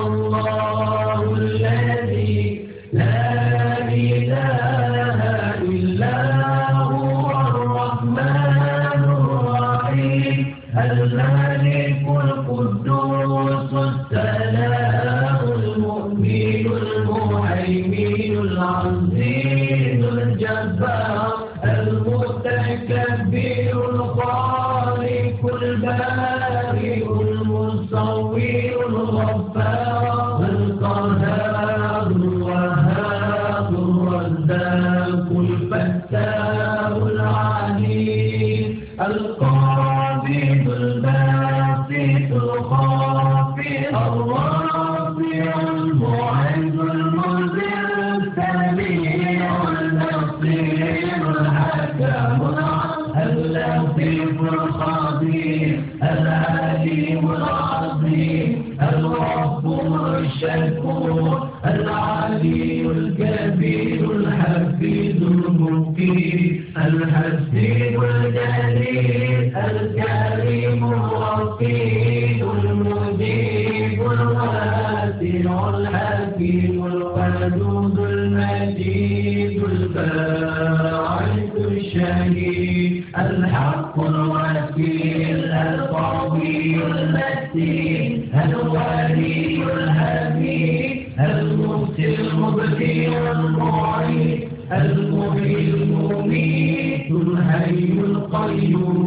والله الحق الوكيل القوي المتين الولي الهدي المبتي المبدي المعيد المبين المميت الحي القيوم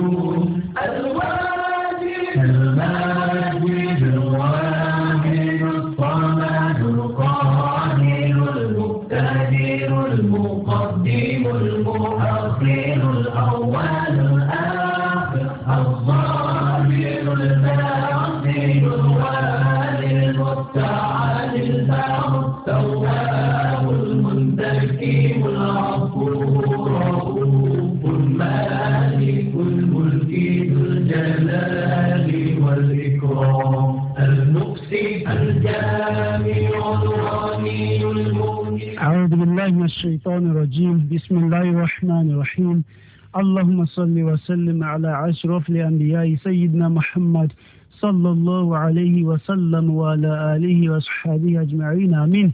صل وسلم على أشرف الأنبياء سيدنا محمد صلى الله عليه وسلم وعلى آله وصحبه أجمعين آمين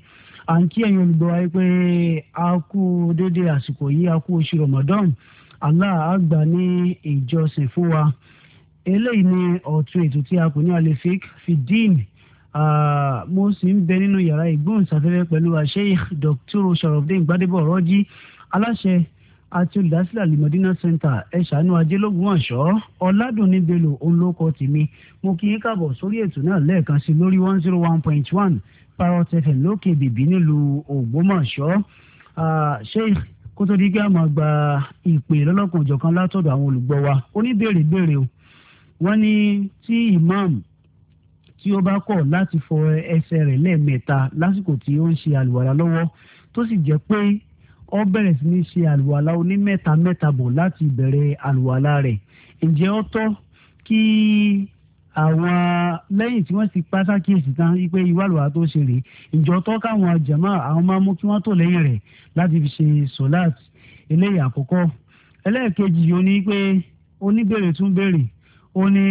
à ń kí ẹ̀yin olùgbọ́ ayé pé a kú déédéé àsìkò yìí a kú oṣù Ramadan Allah á gbà ní ìjọsìn fún wa eléyìí ni ọ̀tún ètò tí a kò ní alefik fidin mo sì ń bẹ nínú yàrá ìgbóhùnsáfẹ́fẹ́ pẹ̀lú Sheikh Dr. Sharafdin Gbadebo Ọ̀rọ̀jì aláṣẹ àti olùdásílẹ̀ alimọ̀dínà center ẹ̀ṣánú ajẹ́lógún ọ̀ṣọ́ ọ̀làdùnní bello olóko tèmi mo kí yín káàbọ̀ sórí ètò náà lẹ́ẹ̀kan sí lórí one zero one point one parrot fm lókè bèbí nílùú ògbómọ̀ṣọ́ sheikh kó tó di pé a máa gba ìpè lọ́lọ́kan òjọ̀kan látọ̀dọ̀ àwọn olùgbọ́ wa oníbèrè o wọ́n ní tí imam tí ó bá kọ̀ láti fọ ẹsẹ̀ rẹ̀ lẹ́ẹ̀mẹ́ta lásìkò tí ó ń ṣe àlùwàlá lọ́wọ́ tó sì jẹ́ pé ó bẹ̀rẹ̀ sí ní ṣe àlùwàlá oní mẹ́ta mẹ́ta bọ̀ láti ìbẹ̀rẹ̀ àlùwàlá rẹ̀ ǹjẹ́ ó tọ́ kí àwọn lẹ́yìn tí wọ́n ti pa sákìyèsí tán wípé ìwàlùwà tó ṣe rèé ìjọ tọ́ káwọn jàmá àwọn máa mú kí wọ́n tò lẹ́yìn rẹ̀ láti fi ṣe sọ́láàt eléyìí àkọ́kọ́ ẹlẹ́ẹ̀kejì yìí ó ní pé oníbèrè tún béèrè ó ní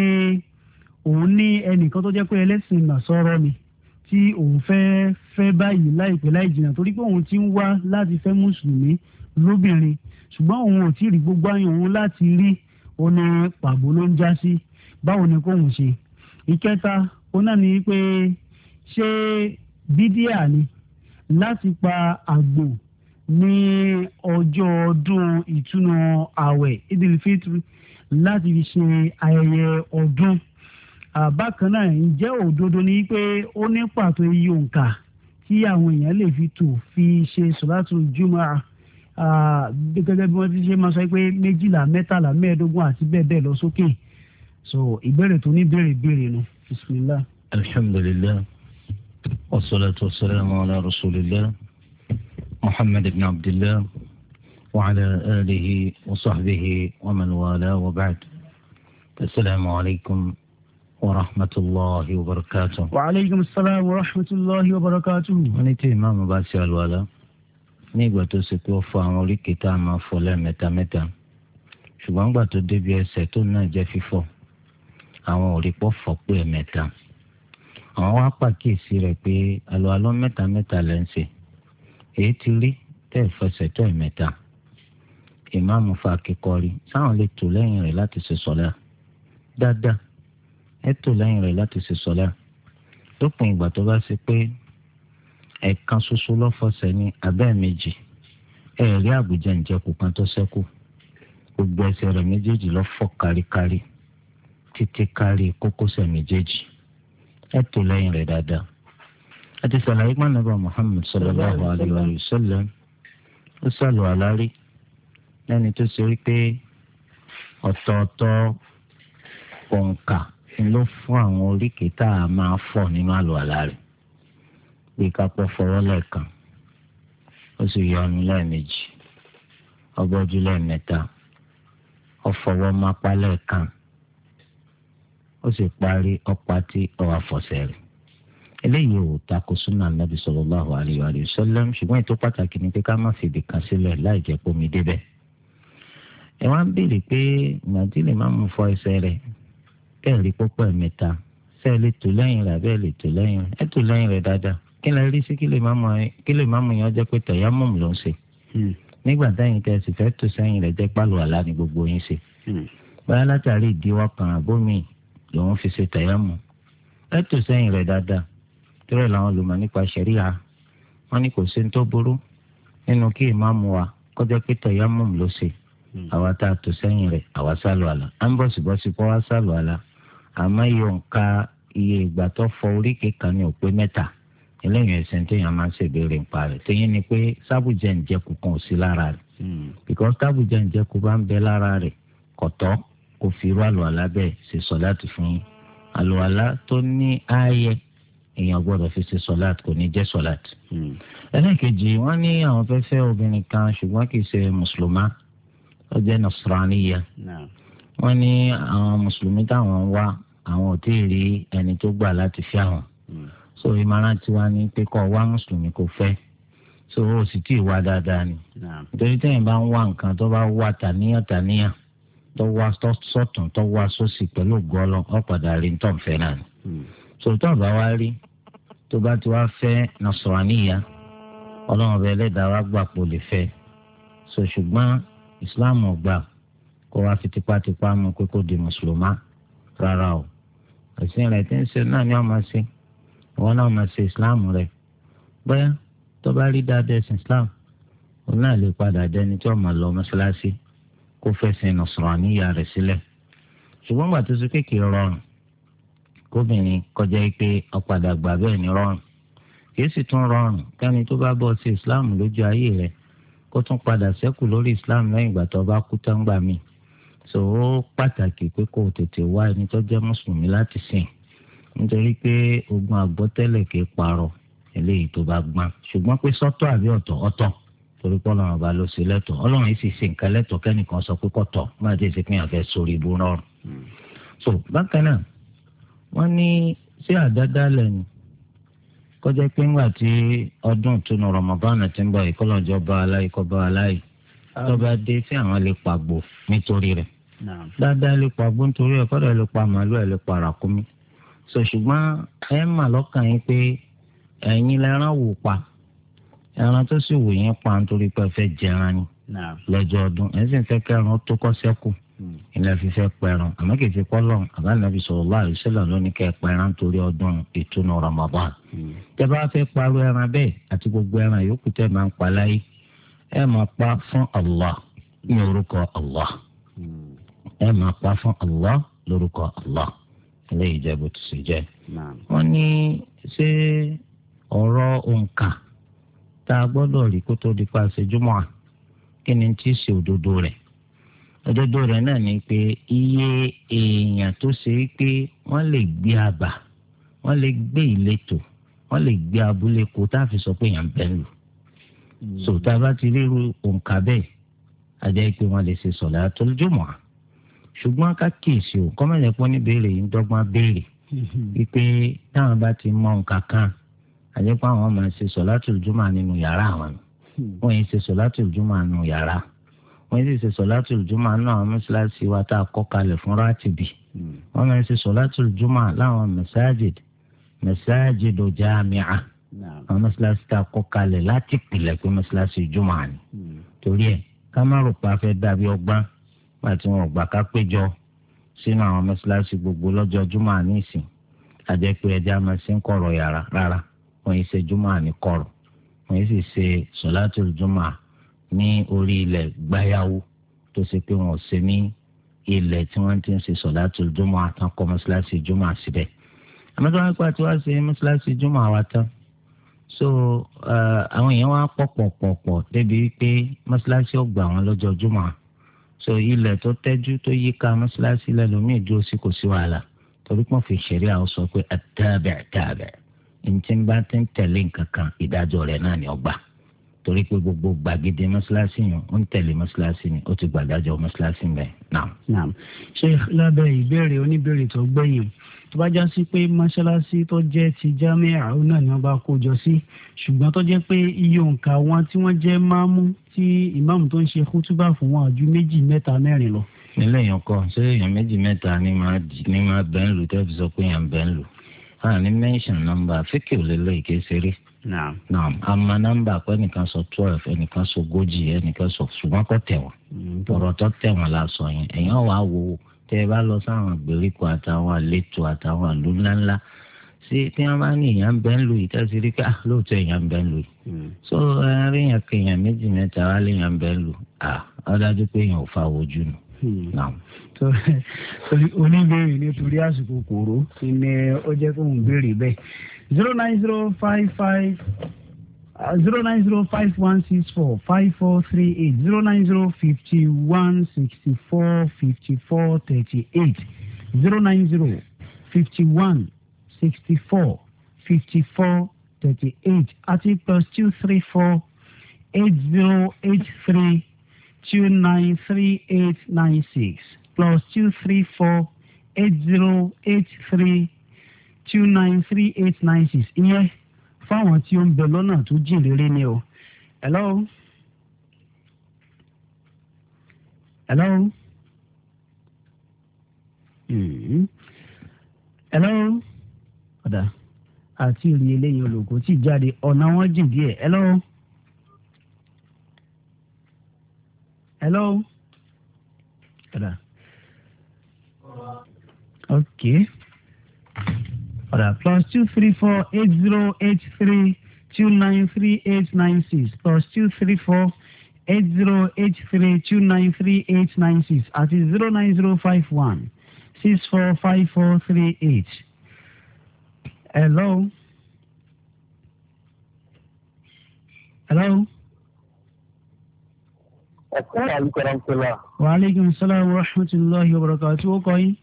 òun ní ẹnìkan tó jẹ́ pé ẹlẹ́sìn nàṣọ́rọ́ ni tí òun fẹ́ fẹ́ báyìí láìpẹ́ láì jìnnà torí pé òun ti ń wá láti fẹ́ mùsùlùmí lóbìnrin ṣùgbọ́n òun ò tí ì rí gbogbo àyàn òun láti rí oní pàbó ló ń já sí báwo ni kóun ṣe ìkẹta òun ni pé ṣé bídíà ni láti pa àgbò ní ọjọ́ ọdún ìtúnu ààwẹ̀ idil fitri láti fi ṣe ayẹyẹ ọdún bákan náà ǹjẹ́ òdodo ni pé ó ní pàtó iye òǹkà tí àwọn èèyàn lè fi tò fi ṣe sọ̀látù jùmọ̀ gẹ́gẹ́ bí wọ́n ti ṣe máa sọ pé méjìlá mẹ́tàlá mẹ́ẹ̀ẹ́dógún àti bẹ́ẹ̀ bẹ́ẹ̀ lọ sókè so ìbéèrè tó ní béèrè béèrè nu bisimilá. alhamdulilayi wasalaatu wasalaamu ala rasulillah muhammad ibn abdillah wa ala alihi wa sahbihi wa man wala wa ba'd asalaamu alaykum warahmatulahi wabarakatu. wa aleykum salaam wa rahmatulahi wa barakatu. wọ́n ní tí ìmáàmù bá ṣe àlùwàlá ní ìgbà tó ṣe pé ó fọ àwọn oríkèé tá a máa fọ lẹ́ẹ̀mẹ́ta mẹ́ta ṣùgbọ́n ìgbà tó débi ẹsẹ̀ tó náà jẹ́ fífọ̀ àwọn òrìpọ̀ fọ pé ẹ̀mẹ́ta àwọn wá pàkíyèsí rẹ̀ pé àlùwàlá mẹ́ta mẹ́ta lẹ́ ń ṣe èyí ti rí tẹ́ ìfẹsẹ̀ tó ẹ̀mẹ́ta ìmáàmù fa akíkọ́rí sáwọn lè tò lẹ́yìn rẹ̀ láti ṣe sọ́lá dáadáa ẹ tò lẹ́yìn rẹ̀ láti ṣe sọ́lá lópin ìgbà tó bá ṣe pé ẹ̀ẹ̀kan ṣoṣo lọ́fọ̀ọ̀sẹ̀ ní abẹ́ méjì ẹ̀rí àbújá ìjẹkù kan tó ṣẹ́kù gbogbo ẹsẹ̀ rẹ̀ méjèèjì lọ́fọ̀ káríkárí títí kárí kókósẹ̀ méjèèjì ẹ lẹ́yìn rẹ̀ dáadáa àti sàlàyé pàǹdàbà Muhammad sallallahu alayhi wa sallam ó sàlù àlárí lẹ́ni tó ṣe wípé ọ̀tọ̀ọ̀tọ̀ òǹkà ń lọ fún àwọn oríkèé tá a máa fọ̀ nínú àlùwàlá rẹ̀ bí kápẹ́ fọwọ́ lẹ́ẹ̀kan ó sì yọnu lẹ́ẹ̀mejì ọgbọ́jú lẹ́ẹ̀mẹ́ta ọfọwọ́ mápá lẹ́ẹ̀kan ó sì parí ọpatí ọwọ́ àfọ̀sẹ̀ rẹ̀ eléyìí ò takò súnà nàbì sallallahu alaihi wa sallam ṣùgbọ́n ètò pàtàkì ni pé ká má fìdí kan sílẹ̀ láì jẹ́ pómi débẹ̀ ẹ wá ń béèrè pé nàìjíríà máa mú fọ ẹsẹ̀ rẹ̀ kẹ́ẹ̀rí pọ́pọ́ ẹ̀mẹ́ta ṣé ẹ lè tò lẹ́yìn rẹ̀ abẹ́ ẹ lè tò lẹ́yìn rẹ̀ ẹ tò lẹ́yìn rẹ̀ dáadáa kí lè rí sí kí lè má mú yẹn jẹ́ pé tẹ̀yà mọ̀mù ló ń ṣe hmm. nígbà táyìn tẹ̀ sì fẹ́ tò sẹ́yìn rẹ̀ jẹ́ pálọ̀ àlá ni gbogbo yín ṣe hmm. báyà látàrí ìdíwọ́ kan àbómi lòun fi ṣe tẹ̀yà mọ̀ ẹ tò sẹ́yìn rẹ̀ dáadáa tẹ́rẹ̀ làwọn olùmọ̀ nípa ṣẹ̀ríà àmọ́ yóò ń ka iye ìgbà tó fọ oríkè kan ní òpé mẹ́ta eléyìí ẹ̀sìn téèyàn máa ń ṣèbéèrè ń parẹ́ téèyàn ni pé sábùjẹ́ ǹjẹ́kù kan ò sí lára rẹ̀ hmm. because sábùjẹ́ ǹjẹ́kù bá ń bẹ lára rẹ̀ kọ̀tọ́ kò fi irú àlùwàlá bẹ́ẹ̀ ṣe sọ̀láàtì fún yín àlùwàlá tó ní ààyè èèyàn gbọ́dọ̀ fi ṣe sọ̀láàtì kò ní jẹ́ sọ̀láàtì. Hmm. ẹlẹ́ẹ̀kejì wọ́n ní àwọn fẹ́ obìnrin kan ṣùgbọ́n kì í ṣe mùsùlùmá ó jẹ́ nasraniya wọ́n ní àwọn mùsùlùmí táwọn wá àwọn ò tí ì rí ẹni tó gbà láti fi àwọn hmm. so ìmọ̀ràn tiwa ni pé kọ́ wá mùsùlùmí kò fẹ́ so ó sì tí ì wá dáadáa ni nítorí tẹ́yìn bá ń wá nǹkan tó bá wá tàníyàn tàníyàn tó wá sọ̀tún tó wá sósì pẹ̀lú gọ́lọ́ ọ̀padà rí tó ń fẹ́ náà ni hmm. so tó bá wá rí tó bá ti wá fẹ́ nasọ̀ràníyà ọlọ́run ọba ẹlẹ́dàá wá gbà pò lè fẹ́ so ṣùgbọ́n ìsìláàmù ọgbà kó wá fi tipátipá mú pé kó di mùsùlùmá rárá o ẹ̀sìn rẹ̀ tí ń ṣe náà ni wọ́n máa ṣe wọ́n náà máa ṣe islam rẹ̀ bóyá tó bá rí dáadáa ẹ̀sìn islam òun náà lè padà dẹni tí wọ́n máa lọ mọ́ṣáláṣí kó fẹ̀sìn nọ̀sọ̀rọ̀ níyà rẹ̀ sílẹ̀ ṣùgbọ́n gbà tó ṣe kékeré rọrùn kóbìnrin kọjá pé ọ̀padà gbà bẹ́ẹ̀ ni rọrùn kìí sì tún rọrùn kẹ́ni tó bá bọ́ sí islam lójú ayé rẹ̀ kó tún padà sẹ́kù lórí islam lẹ́yìn ìgbà tó bá kú tán gbà míì so ó pàtàkì pé kò tètè wá ẹni tó jẹ́ mùsùlùmí láti sìn nítorí pé ogun àgbọ́tẹ́lẹ̀ kì parọ́ eléyìí tó bá gbọ́n ṣùgbọ́n pé sọ́tọ̀ àbí ọ̀tọ̀ ọ̀tọ̀ torí pé ọlọ́run ọba ló ṣe lẹ́tọ̀ ọlọ́run yìí sì ṣe nǹkan lẹ́tọ̀ sọ pé so bákan náà wọ́n ní ṣé àdáda lẹ́nu kọjá pé ńgbà tí ọdún ìtúnu ti ń bọ̀ ìkọlọ́jọ́ bá bá tọ́ba dé tí àwọn lè pàgbò nítorí rẹ̀ dáadáa lè pàgbò nítorí ẹ̀ kọ́dọ̀ lè pa màálù ẹ̀ lè pa ràkúnmí sọ ṣùgbọ́n ẹ mà lọ́kàn yín pé ẹ̀yin lẹ́ran wò pa ẹran tó sì wò yín pa nítorí pé ẹ fẹ́ jẹran ni lọ́jọ́ ọdún ẹ sì ń fẹ́ kẹran tó kọ́ sẹ́kù hmm. ilẹ̀ fífẹ́ pẹran àmọ́ kì í fi kọ́lọ́n àbánabi sallallahu alaihi wasallam ló ní kẹ́ ẹ pẹran torí ọdún ìtúnu Ramadan hmm. tẹ bá fẹ́ parọ́ ẹran bẹ́ẹ̀ àti gbogbo ẹran yòókù tẹ̀ máa ń pa ẹ máa pa fún Allah ní orúkọ Allah ẹ máa pa fún Allah lórúkọ Allah eléyìí jẹ bó ti ṣe jẹ. wọ́n ní ṣé ọ̀rọ̀ òǹkà tá a gbọ́dọ̀ rí kó tó di pa ṣèjúmọ́ à kí ni ṣe òdodo rẹ̀ òdodo rẹ̀ náà ni pé iye èèyàn tó ṣe é pé wọ́n lè gbé àbà wọ́n lè gbé ìletò wọ́n lè gbé abúlé sòtá bá ti rí òǹkà bẹ́ẹ̀ ajá ìpè wọn lè ṣe sọ̀látul jumu'ah ṣùgbọ́n ká kíyèsí o kọ́mẹ́lẹ̀ pọ́n ní béèrè yìí ń dọ́gbọ́n béèrè wípé táwọn bá ti mọ nǹkan kan àjẹpọ̀ àwọn máa ṣe sọ̀látul jumu'ah nínú yàrá àwọn wọ́n yìí ṣe sọ̀látul jumu'ah nínú yàrá wọ́n yìí ṣe sọ̀látul jumu'ah náà àwọn mọ́ṣáláṣí wa tá a kọ́ kalẹ̀ fún rátìbì hmm. wọ́n máa ṣe sọ̀látul jumu'ah láwọn masajid masajid jami'ah àwọn mọ́ṣáláṣí tá a kọ́ kalẹ̀ láti pìlẹ̀ pé mọ́ṣáláṣí jùmọ̀ àná hmm. torí ẹ̀ ká má rò pé a fẹ́ dàbí ọgbọ́n láti wọn ọgbà ká péjọ sínú àwọn mọ́ṣáláṣí gbogbo lọ́jọ́ jùmọ̀ àná ìsìn àjẹpẹ́ ẹja máa ṣe ń kọ̀rọ̀ yàrá rárá wọ́n yìí ṣe jùmọ̀ àní kọ̀rọ̀ wọ́n yìí sì ṣe sọ̀látù jùmọ̀ ní orí ilẹ̀ gbáyàwó tó ṣe pé wọ́n ṣe ní ilẹ̀ tí wọ́n ti ń ṣe sọ̀látù jùmọ̀ àtàkọ́ mọ́ṣáláṣí jùmọ̀ síbẹ̀ àmọ́tọ́ wọn pàtó wá ṣe mọ́ṣáláṣí jùmọ̀ àwa tán so uh, àwọn èèyàn wá pọ̀pọ̀pọ̀pọ̀ débi pé mọ́ṣáláṣí ọgbà wọn lọ́jọ́ jùmọ̀ so ilẹ̀ tó tẹ́jú tó yíká mọ́ṣáláṣí lẹ́lòmíì dúró sí kò sí wàhálà torí pọ́n fi ṣẹ̀rí àwọn sọ pé àtàbẹ̀ àtàbẹ̀ ntí bá ti ń tẹ̀lé nǹkan kan ìdájọ́ rẹ̀ náà ni ọgbà torí pé gbogbo gbàgede mọ́ṣáláṣí yẹn ó ń tẹ̀lé mọ́ṣáláṣí ni ó ti gbàdájọ́ mọ́ṣáláṣí bẹ́ẹ̀ náà. ṣé lábẹ́ ìbéèrè oníbèrè tó gbẹ̀yìn tó bá já sí pé mọ́ṣáláṣí tó jẹ́ ti jamiu àwọn náà ni wọ́n bá kó jọ sí ṣùgbọ́n tó jẹ́ pé iye òǹkà wọn tí wọ́n jẹ́ máàmú tí ìmáàmù tó ń ṣe kútúbà fún wọn ju méjì mẹ́ta mẹ́rin lọ. nílẹ̀ èèyàn kọ ṣé èèyàn méjì mẹ́ta ni máa ni máa bẹ́ẹ̀ ń lù tẹ́ fi sọ pé èèyàn bẹ́ẹ̀ ń lù àní mẹ́ńṣọ̀n nọ́mbà fíkì ò lè lọ ìkéṣeré naam naam àmọ́ pé ẹnìkan sọ twelve ẹnìkan sọ ogójì ẹnìkan sọ ṣùgbọ́n kò tẹ̀wọ̀n mm, ọ̀rọ̀ tó tẹ̀wọ̀n la sọ yẹn èèyàn wà á wò ó tẹ́ ẹ bá lọ sáwọn ìgbèríko àtàwọn àlétò àtàwọn àlú ńláńlá sí tí wọ́n bá ní èèyàn bẹ́ẹ̀ ń lu yìí tẹ́sí rí ká ah, lóòótọ́ èèyàn bẹ́ẹ̀ ń lu yìí. Hmm. so ẹ̀rín yẹn kéèyàn méjì mẹ́ta wá léèyàn bẹ́ẹ̀ ń lu à ah, ọ̀dájú pé èèyàn ò fa ojú nù hmm. oníbèrè nítorí àsìkò kòró ni ó jẹ́ kóun béèrè bẹ́ẹ̀ zero nine zero five five Uh, zero nine zero five one six four five four three eight zero nine zero fifty one sixty four fifty four thirty eight zero nine zero fifty one sixty four fifty four thirty eight àti plus two three four eight zero eight three two nine three eight nine six plus two three four eight zero eight three two nine three eight nine six ìyẹn fáwọn tí ó ń bẹ lọ́nà tó jìn rere ni o. hello. hello. Mm. hello. ọ̀dà àti ìrìn eléyìí olùkó tí jáde ọ̀nà wọn jìn díẹ̀. hello. hello. ọ̀dà. ok. ọ̀dà plus two three four eight zero eight three two nine three eight nine six plus two three four eight zero eight three two nine three eight nine six àti zero nine zero five one six four five four three eight. hello. hello. Assalamu alaikum warahmatullahi wabarakatuh. Ó kọ́ yín.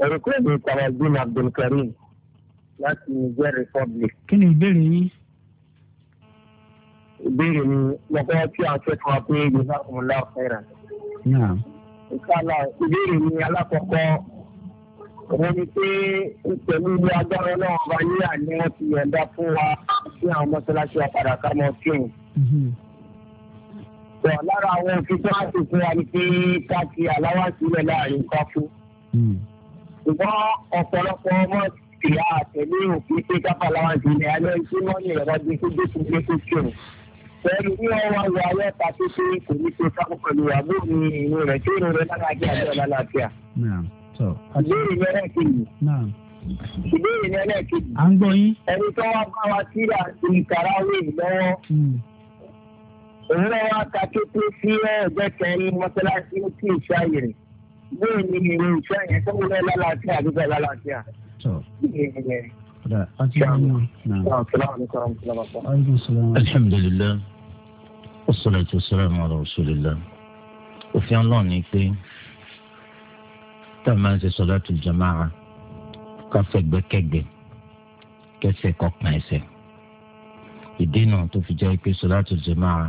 orúkọ mi kamaldeen abdulkareem láti niger republic. kí ni ìbéèrè yín. ìbéèrè mi lọ́kọ́ tí a fẹ́ fún wa pé yorùbá kò ń lá ọ̀fẹ́ra. ìkàlà ìbéèrè mi alákọ̀ọ́kọ́ òun ni pé pẹ̀lú ilé agbára náà ọba yíyà ni wọ́n ti yọ̀ǹda fún wa sí àwọn mọ́ṣáláṣí apàdà ká mọ́ kíun. Mm-hmm. sọ lára àwọn òfin tó wá sí fún wa ni pé ká fi àláwá sílẹ̀ láàrin ká ṣùgbọ́n ọ̀pọ̀lọpọ̀ ọmọ ìyá àtẹ̀lé òfin pé káfà láwọn ti ní alẹ́ tí wọ́n ní ìrọ̀lá bí kó gbé kúndé tó kírun. pẹ̀lú bí wọ́n wá wọ ayé ta tó ṣe kò ní ṣe sáfù pẹ̀lú àbó mi ìrù rẹ̀ tí ìrù rẹ̀ lálàáfíà àti ọ̀làlàáfíà. ìbéèrè ní ẹlẹ́kejì. ìbéèrè ní ẹlẹ́kejì. à ń gbọ́ yín. ẹni tó wá bá wa síra ti kàráwé lọ́wọ́ hmm. òun náà wá ta kété sí ẹ̀ẹ́dẹ́kẹ̀rin mọ́ṣáláṣí ní kí ìṣ bóyá mi ni irú iṣẹ́ yẹn tó ń lọ lálàáfíà àdúgbò lálàáfíà. alhamdulilayi wasalaatu wasalaamu ala rasulillah òfin ọlọ́run ni pé tá a máa ń ṣe sọ̀láàtù jama'a ká fẹ̀gbẹ́kẹ̀gbẹ́ kẹsẹ̀ kọkàn ẹsẹ̀ ìdí náà tó fi jẹ́ pé sọ̀láàtù jama'a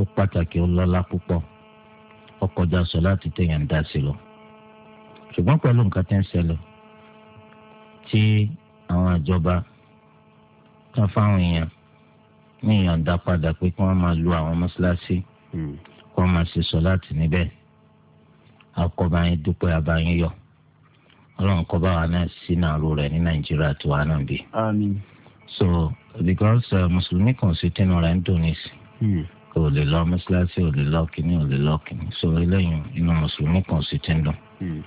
ó pàtàkì ó lọ́lá púpọ̀ ọkọjá sọ láti tẹ̀yàn dá sí lọ. ṣùgbọ́n pẹ̀lú nǹkan tẹ́ ń ṣẹlẹ̀ tí àwọn ìjọba kan fáwọn èèyàn ní ìyọ̀ǹda padà pé kí wọ́n máa lu àwọn mọ́ṣáláṣí hmm. kí wọ́n máa ṣe sọ láti níbẹ̀ akọbáyé dúpẹ́ abáyé yọ ọlọ́run kọ́ bá wa náà sí nàárò rẹ̀ ní nàìjíríà tó wà náà bí. so because uh, mùsùlùmí kan ṣe tẹnu rẹ̀ ń dùn nísì. Hmm kò lè lọ mọ́ṣáláṣí ò lè lọ kínní ò lè lọ kínní so eléyìí inú mùsùlùmí kan sì ti ń dùn. Hmm.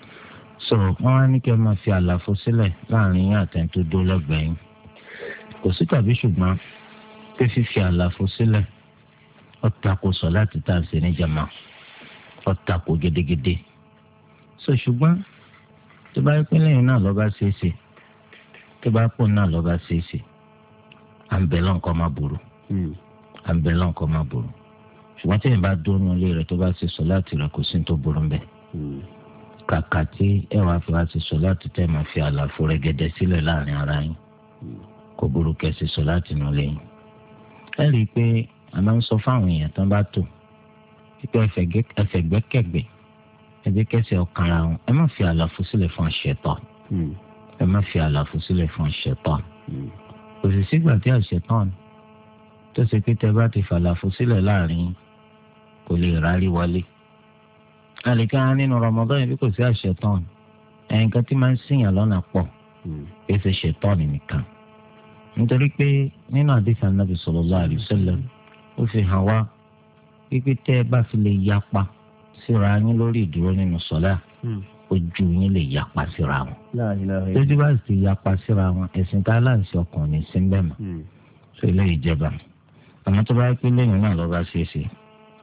so wọ́n á ní kí ẹ máa fi àlàfo sílẹ̀ láàrin yín àtẹn tó dó lẹ́gbẹ̀ẹ́ yín kò sí tàbí ṣùgbọ́n pé fífi àlàfo sílẹ̀ ó tako sọ̀láàtì tá à ń ṣe ní jàmá ó tako gédégédé so ṣùgbọ́n tó bá yẹ pé lẹ́yìn náà lọ́ba ṣeé ṣe tó bá pò náà lọ́ba ṣeé ṣe à ń bẹ̀ lọ́nkọ́ máa burú. Hmm àbẹ̀lẹ̀ nǹkan máa burú ṣùgbọ́n tí èèyàn bá dúró ilé rẹ̀ tó bá ṣe sọ láti rẹ̀ kò sí tó burú ń bẹ̀. Hmm. kàkà tí ẹ wàá fi wá ṣe sọ láti tẹ̀ máa fi àlàfo rẹ̀ gẹ̀dẹ̀ sílẹ̀ láàrin ara yín hmm. kò burú kẹ́ ṣe sọ láti nù lẹ́yìn. ẹ rí i pé a máa ń sọ fáwọn èèyàn tán bá tò pípẹ́ ẹfẹ̀gbẹ́kẹ̀gbẹ́ ẹ jẹ́ kẹ́sì ọkàn ara wọn ẹ má fi àlàfo sílẹ̀ fún ṣẹ̀tán hmm. ẹ má fi àlàfo sílẹ̀ fún ṣẹ̀tán òṣìṣẹ́ gbà tí àṣetán ni tó ṣe pé tẹ bá ti fàlàfo sílẹ̀ láàrin kò lè rárí wọlé. àlìká nínú Ramadan yìí bí kò sí àṣetán ẹ̀ǹkan tí máa ń sìyàn lọ́nà pọ̀ hmm. kì í ṣe ṣetán nìkan. nítorí pé nínú àdìsá nàbì sallallahu alaihi wasallam ó fi hàn wá pípé tẹ́ ẹ bá fi lè yapa síra yín lórí ìdúró nínú sọ́lá hmm. ojú yín lè yapa síra wọn. lójú bá sì yapa síra wọn ẹ̀sìn tá a láǹṣẹ́ ọkàn ní sínbẹ́mà. Hmm. sọ ilé ìjẹba àmọ́ tó bá pé lẹ́yìn náà lọ́ba ṣeéṣe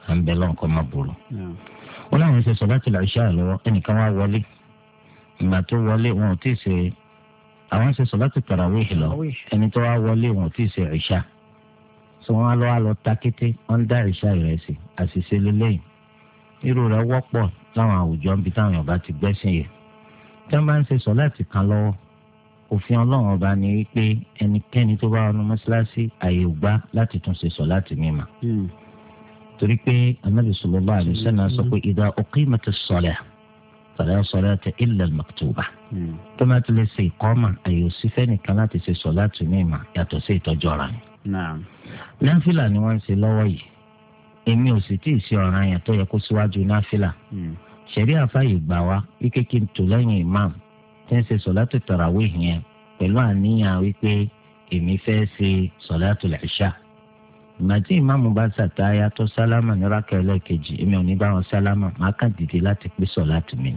à ń bẹ lọ́nkọ́ má burú. ó láwọn ṣe sọ̀dá tìlà ìṣá lọ́wọ́ ẹnìkan wá wọlé ìgbà tó wọlé wọn ò tíì ṣe àwọn ṣe sọ̀dá ti tarawih lọ ẹni tó wá wọlé wọn ò tíì ṣe ìṣá sọ wọn lọ wá lọ ta kété wọn ń dá ìṣá rẹ sí àṣìṣe lélẹ́yìn irú rẹ̀ wọ́pọ̀ láwọn àwùjọ ibi táwọn Yorùbá ti gbẹ́sìn yìí tí wọ́n bá ń ṣe sọ̀dá ti kan lọ́wọ́ òfin ọlọ́run ọba ni wípé ẹnikẹ́ni tó bá wọnú mọ́ṣáláṣí àyè ò gbà láti tún ṣe sọ láti mímọ́. Hmm. torí pé anabi sallallahu alaihi wasallam sọ pé hmm. idha uqimatis salah fala salata illa al-maktuba. Hmm. tó máa ti lè ṣe ìkọ́mà àyè òsì fẹ́nìkan láti ṣe sọ láti mímọ́ yàtọ̀ sí ìtọ́jú ọ̀rọ̀ ni. náfìlà ni wọ́n ń ṣe lọ́wọ́ yìí èmi ò sì tíì ṣe ọ̀ranyàn tó yẹ kó síwájú náfìlà. ṣẹ̀rí àfáàyè gbà wá wípé kí lẹ́yìn imam tí ń ṣe sọ̀látù tarawih yẹn pẹ̀lú àníyàn wípé èmi fẹ́ ṣe sọ̀látù ìṣà ìgbà tí ìmáàmù bá ṣàtáyà tó sálámà ní rákà ẹlẹ́ẹ̀kejì èmi ò ní bá wọn sálámà máa kàn dìde láti pé sọ̀látù mi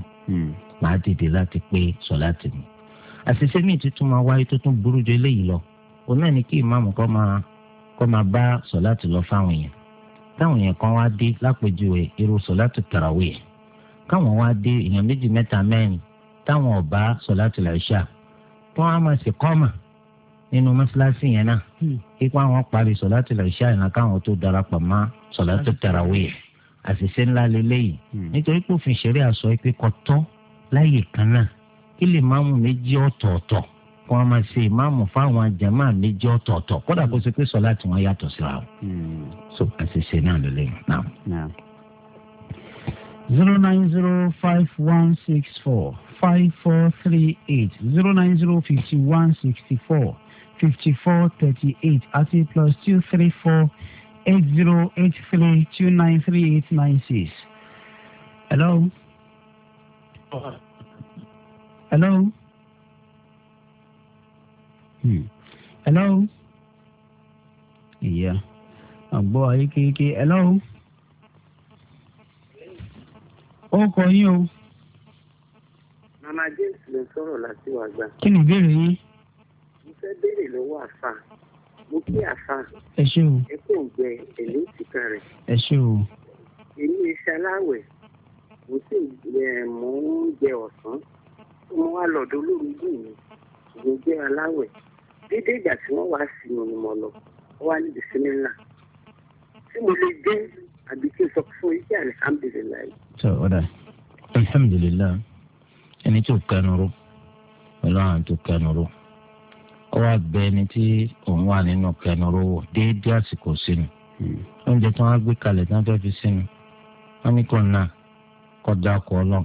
máa hmm. dìde láti pé sọ̀látù mi àṣìṣe míì tuntun máa wáyé tó tún burú ju eléyìí lọ òun náà ni kí ìmáàmù kọ́ máa bá sọ̀látù lọ fáwọn èèyàn káwọn wá dé táwọn ọba sọ̀láàtì làṣà kí wọ́n á máa ṣe kọ́mà nínú mọ́ṣáláṣí yẹn náà kí wọ́n àwọn parí sọ̀láàtì làṣà yẹn káwọn tó darapọ̀ mọ́ sọ̀láàtì tarawih àṣìṣe ńlá lélẹ́yìí hmm. nítorí pé òfin ṣeré àṣọ pé kọ́tọ́ láyè kan náà kí lè máàmù méjì ọ̀tọ̀ọ̀tọ̀ kí wọ́n máa ṣe ìmáàmù fáwọn jàmáà méjì ọ̀tọ̀ọ̀tọ̀ kódà kó ṣe pé sọ̀láàtì wọn yàtọ̀ síra o hmm. so àṣìṣe náà lélẹ́yìí náà. zero nine zero five one six four five four three eight zero nine zero fifty one sixty four fifty four thirty eight ati plus two three four eight zero eight three two nine three eight nine six. hello. hello. Hmm. hello. ìyá àgbọ̀ ayé kéékèé hello. ó kọ yín o mama james ló ń sọ̀rọ̀ láti wà gbà. kí ni ìbéèrè yín. mo fẹ́ béèrè lọ́wọ́ àfa mo kí àfa. ẹ ṣé o. ẹ kò ń gbẹ ẹ̀lẹ́ ìtìkà rẹ̀. ẹ ṣé o. èmi iṣẹ́ aláwẹ̀ mo sì mò ń jẹ ọ̀sán mo wá lọ́dọ̀ olórí jù mí mo jẹ́ aláwẹ̀ dédé ìgbà tí wọ́n wá sí mi ni mo lọ wọ́n wá níbi sí mi ńlá tí mo lè dé àbí kí n sọ fún iṣẹ́ alhamdulilayi. sọ ọ̀dà alhamdulilayi. ẹni tó kẹnuru pẹ̀lú àwọn tó kẹnuru ó wá bẹ ẹni tí òun wà nínú kẹnuru wò déédéé àsìkò sínú hmm. oúnjẹ tí wọ́n gbé kalẹ̀ tí wọ́n fi sínú wọ́n ní kò náà kó dákọ Ọlọ́run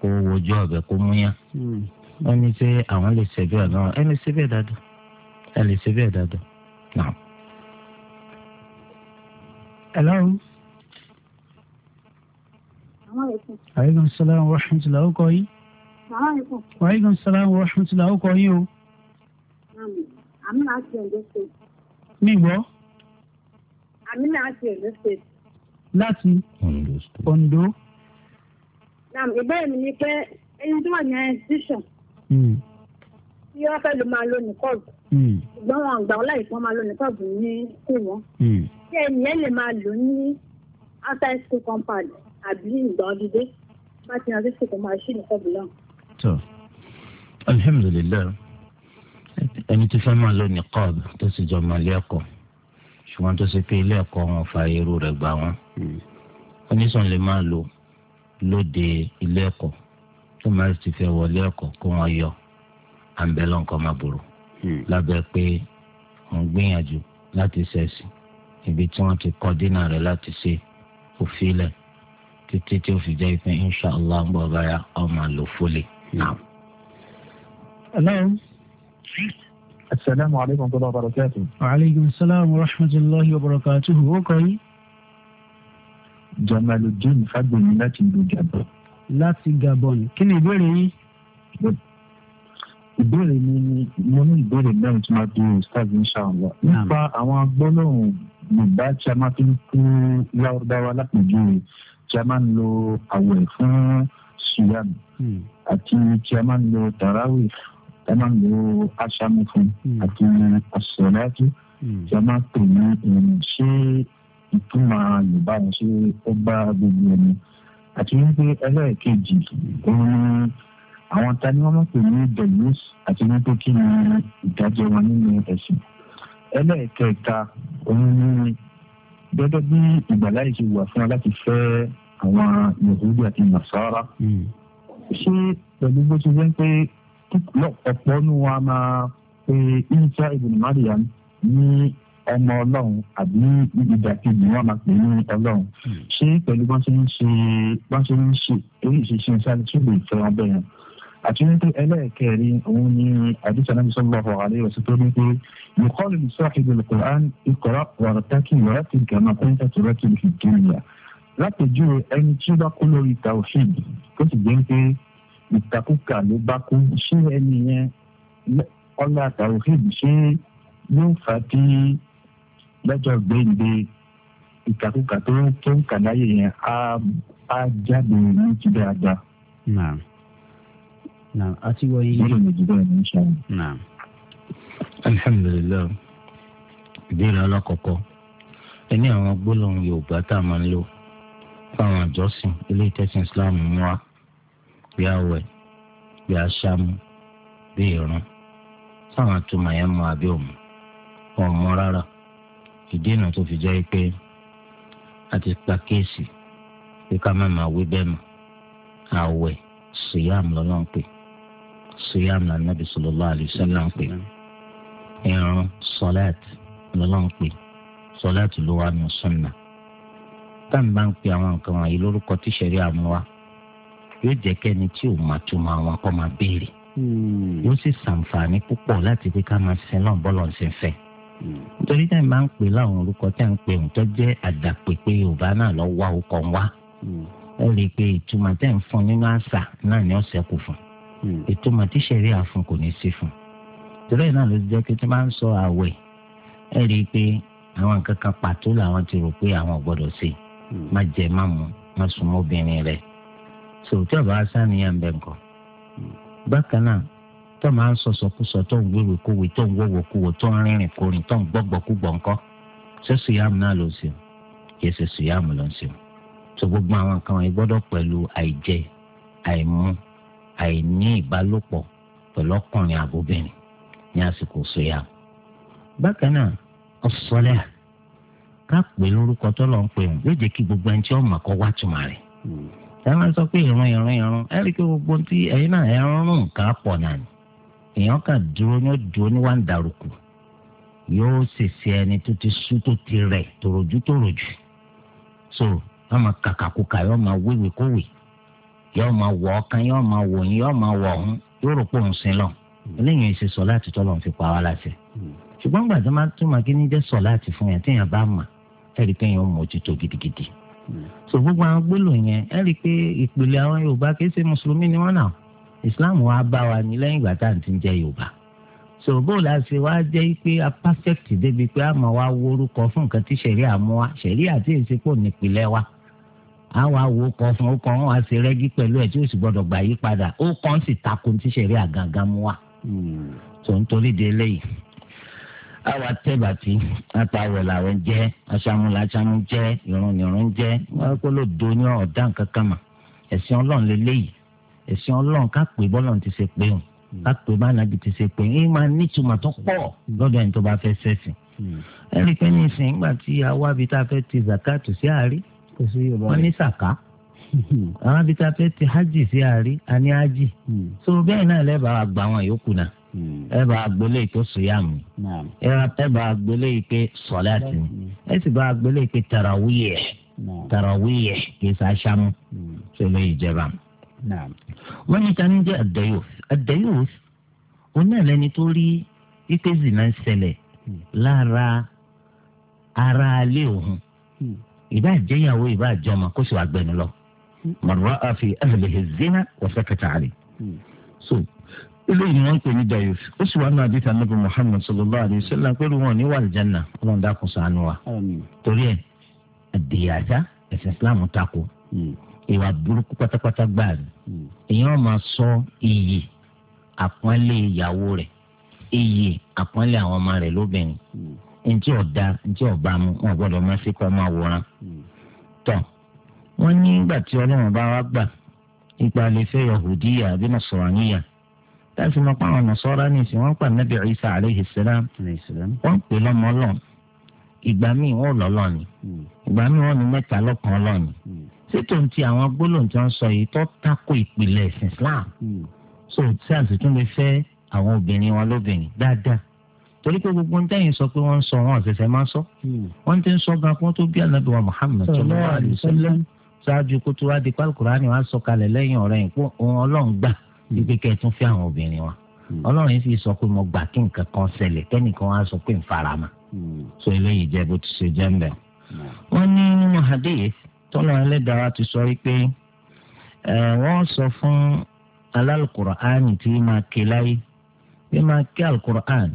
kó wojú ọ̀bẹ kó múyá hmm. wọ́n ní sẹ àwọn lè ṣe bẹ́ẹ̀ ẹni ṣe bẹ́ẹ̀ dáadáa ẹ lè ṣe bẹ́ẹ̀ dáadáa náà. aleykum salaam wa rahmatulah ọkọ yìí. wa aleykum salaam wa rahmatulah ọkọ yìí o. àmì àti ẹ̀dẹ́ ṣe. mi gbọ́. àmì àti ẹ̀dẹ́ ṣe. láti Ondo. naam ìbéèrè mi ni pé ẹni tó wà ní ẹ̀ẹ́dísàn. Hmm. tí wọ́n fẹ́ ló máa lo nìkọ́ọ̀bù. Hmm. ṣùgbọ́n wọn àgbà wọn láì fún wọn máa lo nìkọ́ọ̀bù ní kú wọn. Hmm. ṣé ẹnìyẹn lè máa lò ní outside school compound àbí ìgbà ọdídé bá ti rántí sèkò máa ṣì ní kọ́bù náà. tó alhamdulilayi ẹni tó fẹ́ máa lọ ní cob tó sì jọ máa lé ẹ̀kọ́ ṣùgbọ́n tó ṣe pé ilé ẹ̀kọ́ wọn fa irú rẹ̀ gbà wọ́n hmm. oníṣàn lè máa lò lóde ilé ẹ̀kọ́ tó máa ti fẹ́ wọlé ẹ̀kọ́ kó wọ́n yọ àǹbẹ̀lọ̀ nǹkan máa burú hmm. lábẹ́ pé wọ́n gbìyànjú láti ṣẹ̀sìn ibi tí wọ́n ti kọ́ dínà rẹ̀ láti ṣe òfin títí tí ó fi jẹ́ ìpín insha allah ń bọ̀ báyà ọmọ àlò fúlẹ̀ náà. asalaamu aleykum tó bá bàrọ̀ kẹ́ẹ̀tù. aleykum salaam wa rahmatulahi wa barakatuhu ó kọ́ yìí. jamaludin fagbemi láti ìlú gabon. láti gabon kí ni ìbéèrè yín. ìbéèrè mi ni mo ní ìbéèrè mẹ́rin tí máa di ìsáàbì insha nípa àwọn gbólóhùn yorùbá máa fi kú yàrá wa lápèjúwe tí a máa ń lo àwẹ̀ fún suyam hmm. àti tí a máa ń lo tarawih tí a máa ń lo aṣáájú fún hmm. àti àṣọláàtú tí hmm. a máa ń pè ní ìrìn ṣé ìtumọ̀ yorùbá yẹn ṣé ó bá gbogbo ẹni àti wípé ẹlẹ́ẹ̀kejì òun ni àwọn ta ni wọ́n mọ̀ pé ní dẹ̀yìs àti wípé kí ni ìdájọ́ wọn nínú ẹ̀sìn ẹlẹ́ẹ̀kẹta òun ni gbọ́dọ̀ bí ìgbàláyè ṣe wà fún wa láti fẹ́ àwọn yòówù àti nàṣàrà hmm. ṣé pẹ̀lú bó ṣe jẹ́ pé ọ̀pọ̀ ní wa máa pe isa ibn mariam ní ọmọ ọlọ́run àbí ìdàkejì wọn máa pè ní ọlọ́run hmm. ṣé pẹ̀lú bá ṣe ń ṣe bá ṣe ń ṣe èyí ìṣesí sáré tí ó lè fẹ́ wọn bẹ́ẹ̀ àti wípé ẹlẹ́ẹ̀kẹrin òun ni àdìsá náà sọ́lọ́ ọ̀rọ̀ àlẹ́ ọ̀sẹ̀ tó ní pé yòókọ́ lè sọ ìdòlùkọ́ án ikọ̀rọ̀ wàrà tákì wàrà tìǹkà máa pẹ́ńtà tó rẹ́ tó lè lápèjúwe ẹni tí ó bá kú lórí taofid tó sì jẹ́ pé ìtakùkà ló bá kú ṣé ẹni yẹn ọlá taofid ṣé yóò fà á tí lọ́jọ́ gbẹ̀ǹde ìkàkùkà tó ń tó ń kà láyé yẹn á jáde lójú dáadáa. naam naam àti wọ̀nyí. lórí méjì bẹ́ẹ̀ ní sọ. naam alhamdulilayi ìbéèrè alákọ̀ọ́kọ́ ẹni àwọn gbólóhùn yorùbá tá a máa ń lò àwọn àjọsìn ilé ìtẹ̀sìn islam mú wa bí àwẹ̀ bí aṣáàmù bí ìrun sáwọn àtúmọ̀ yẹn mú àbí òmù wọn mú rárá ìdí ìnà tó fi jẹ́ pé a ti pa kéèsì pé ká má máa wí bẹ́ẹ̀ mọ́ àwẹ̀ siyam lọ́nà ń pè siyam náà nàbì sallallahu alaihi wasallam ń pè ìrun sọlẹ́ẹ̀tì lọ́nà ń pè sọlẹ́ẹ̀tì ló wà ní sunnah tá à ń bá ń pe àwọn nǹkan wọ̀nyí lórúkọ tí sẹ̀rí àmúwa yóò jẹ́ kẹ́ni tí ò máa túmọ̀ àwọn kọ́ máa béèrè hmm. yóò sì ṣàǹfààní púpọ̀ láti pé ká máa sin hmm. náà bọ́lọ̀ ṣe fẹ́ nítorí tá à ń pè láwọn orúkọ tí à ń pè òǹtọ́ jẹ́ àdàpè pé yorùbá náà lọ wá orúkọ ń wá ó hmm. rí i ìtumọ̀ tẹ́ ń fún nínú àṣà náà ni ó ṣẹ́kù fún ìtumọ̀ tí sẹ̀rí àfún kò ní sí fún torí náà ló jẹ́ pé tí wọ́n bá ń sọ àwẹ̀ ẹ rí i àwọn nǹkan kan pàtó làwọn ti rò pé àwọn gbọ́dọ̀ ṣe má jẹ má mu má sùn mọ́ obìnrin rẹ̀ sòtú ọba asániyàn bẹ nǹkan bákan náà tó máa ń sọsọkúsọ tó ń wéwèé kówèé tó ń wọwọ kówò tó ń rìnrìn kórìn tó ń gbọgbọ kúgbọ ńkọ ṣé sùyàmù náà ló ń sèw kì í ṣe sùyàmù ló ń sèw tó gbogbo àwọn nǹkan wọ̀nyí gbọ́dọ̀ pẹ̀lú àìjẹ àìmu àìní ìbálòpọ̀ pẹ̀lú ọkùnrin àbóbìnrin ní àsìkò sùyàmù bákan náà ọsọlẹ́à ká pè lórúkọ tó lọ ń pè kí gbogbo ẹni tí ọmọ kọ wá tuma rẹ̀ ẹ máa sọ pé ìrún ìrún ìrún ẹ rí i pé gbogbo ti ẹ̀yin náà ẹ rún nǹkan pọ̀ náà ni èèyàn kà dúró ní ń darúkú yóò ṣèṣe ẹni tó ti sú tó ti rẹ̀ so máa máa máa máa yín máa ọ̀hún yóò rò pé òun sin lọ eléyìí láti tọ́lọ̀ fi pa wá ṣùgbọ́n gbàdúrà máa túmọ̀ ẹ̀rí pé èèyàn mójútó gidigidi. Hmm. so gbogbo àwọn gbólò yẹn ẹ rí i pé ìpìlẹ̀ àwọn yorùbá kì í ṣe mùsùlùmí ni wọ́n náà islam wa bá wa ní lẹ́yìn ìgbà tá à ń ti jẹ́ yorùbá so bó la ṣe wá jẹ́ pé a perfect débi pé a máa wá worúkọ fún nǹkan tí ṣẹ̀rí àmú wa ṣẹ̀rí àti èsèpò nípìnlẹ̀ wa a wá wo kọ fún ó kàn wá ṣe rẹ́gí pẹ̀lú ẹ̀ tí ó sì gbọ́dọ̀ gbà yí padà ó kàn sì takun tí ṣẹ̀rí àgangan mú wa hmm. so nítorí de eléyìí àwọn atẹ́bàtì ata làwẹ̀ jẹ́ aṣàmúlàṣàmú jẹ́ ìrùnnìrún jẹ́ wọ́n kó ló do ní ọ̀dà kankan mà ẹ̀sìn ọlọ́run lélẹ́yìí ẹ̀sìn ọlọ́run ká pè bọ́lọ́run ti ṣe pé òun ká pè bánàbì ti ṣe pé òun máa nítumọ̀ tó pọ̀ lọ́dọ̀ ẹni tó bá fẹ́ sẹ́sìn. ẹ̀rí pé ní ìsìn ìgbà tí awábi tá a fẹ́ ti zakatu sí àárí wọ́n ní sàká àwọn abita fẹ́ ti hajj sí àárí àní hajj hmm. so bẹ́ẹ̀ náà lẹ́bàá àgbà wọn yòókù náà ẹ bá agbélé tó sùyàmù ẹ bá agbélé pé sọláàtì ẹ sì bá agbélé pé tarawíyẹ tarawíyẹ kìí sàṣàmù sọlẹ hmm. ìjẹba. wọ́n ní ká ní jẹ́ àdẹ́yòs àdẹ́yòs onílẹ̀ni tó rí ipe zina ń ṣẹlẹ̀ hmm. lára ara alẹ́ òun hmm. ìbá jẹ́yàwó ìbá jọmọ kó sì wá gbẹ̀nu lọ. man ra'a fi ahlihi zina wa sakata alayhi eléyìí ni wọ́n ń pè ní dayus ó sì wá ní àdìsí anábì muhammed sallallahu alayhi wa sallam pẹ̀lú wọn ní wàlìjánà ọlọ́run dákun ṣàánú wa torí ẹ̀ àdìyàjá ẹ̀sìn islam tako hmm. ìwà burúkú pátápátá gbáà ni hmm. èèyàn máa sọ iyì àpọ́nlé ìyàwó rẹ̀ iyì àpọ́nlé àwọn ọmọ rẹ̀ lóbìnrin hmm. ntí ọ̀dà ntí ọ̀bá mu wọn gbọ́dọ̀ máa fi kọ́ máa wòran tọ́ wọ́n ní ìgbà tí ọlọ́run bá wá gbà ipa lè fẹ́ yahudiya àbí nasọ̀rọ̀ níyà láti mọ pé àwọn nasọ́ra ní ìsìn wọ́n pa nabi Isa aleyhi salam wọ́n pè lọ́mọ ọlọ́run ìgbà míì wọ́n lọ́ lọ́ni hmm. ìgbà míì wọ́n ní mẹ́ta lọ́kàn lọ́ni hmm. ṣètò ti àwọn gbólóhùn tí wọ́n sọ yìí tó tako ìpìlẹ̀ ẹ̀sìn Islam hmm. so sars tún lè fẹ́ àwọn obìnrin wọn lóbìnrin dáadáa torí pé gbogbo ń tẹ̀yìn sọ pé wọ́n ń sọ wọn ọ̀sẹ̀sẹ̀ máa ń sọ wọ́n ti ń sọ gan kó tó bí ànábì wa Muhammad sallallahu alaihi ṣáájú kó tó wá di pálukùránì wá sọ kalẹ̀ lẹ́yìn ọ̀rẹ́ yìí pé ọlọ́run gbà wípé kẹ́ ẹ tún fẹ́ àwọn obìnrin wa hmm. ọlọ́run fi sọ pé mo gbà kí nǹkan kan ṣẹlẹ̀ kẹ́nìkan wá sọ pé n fara mọ́ hmm. so eléyìí jẹ́ bó ti ṣe jẹ́ ń bẹ̀. Hmm. wọ́n ní nínú hadith tọ́lọ́ ẹlẹ́dàá ti sọ wípé wọ́n sọ fún alálùkùránì tí máa ké láyé bí máa ké alùkùránì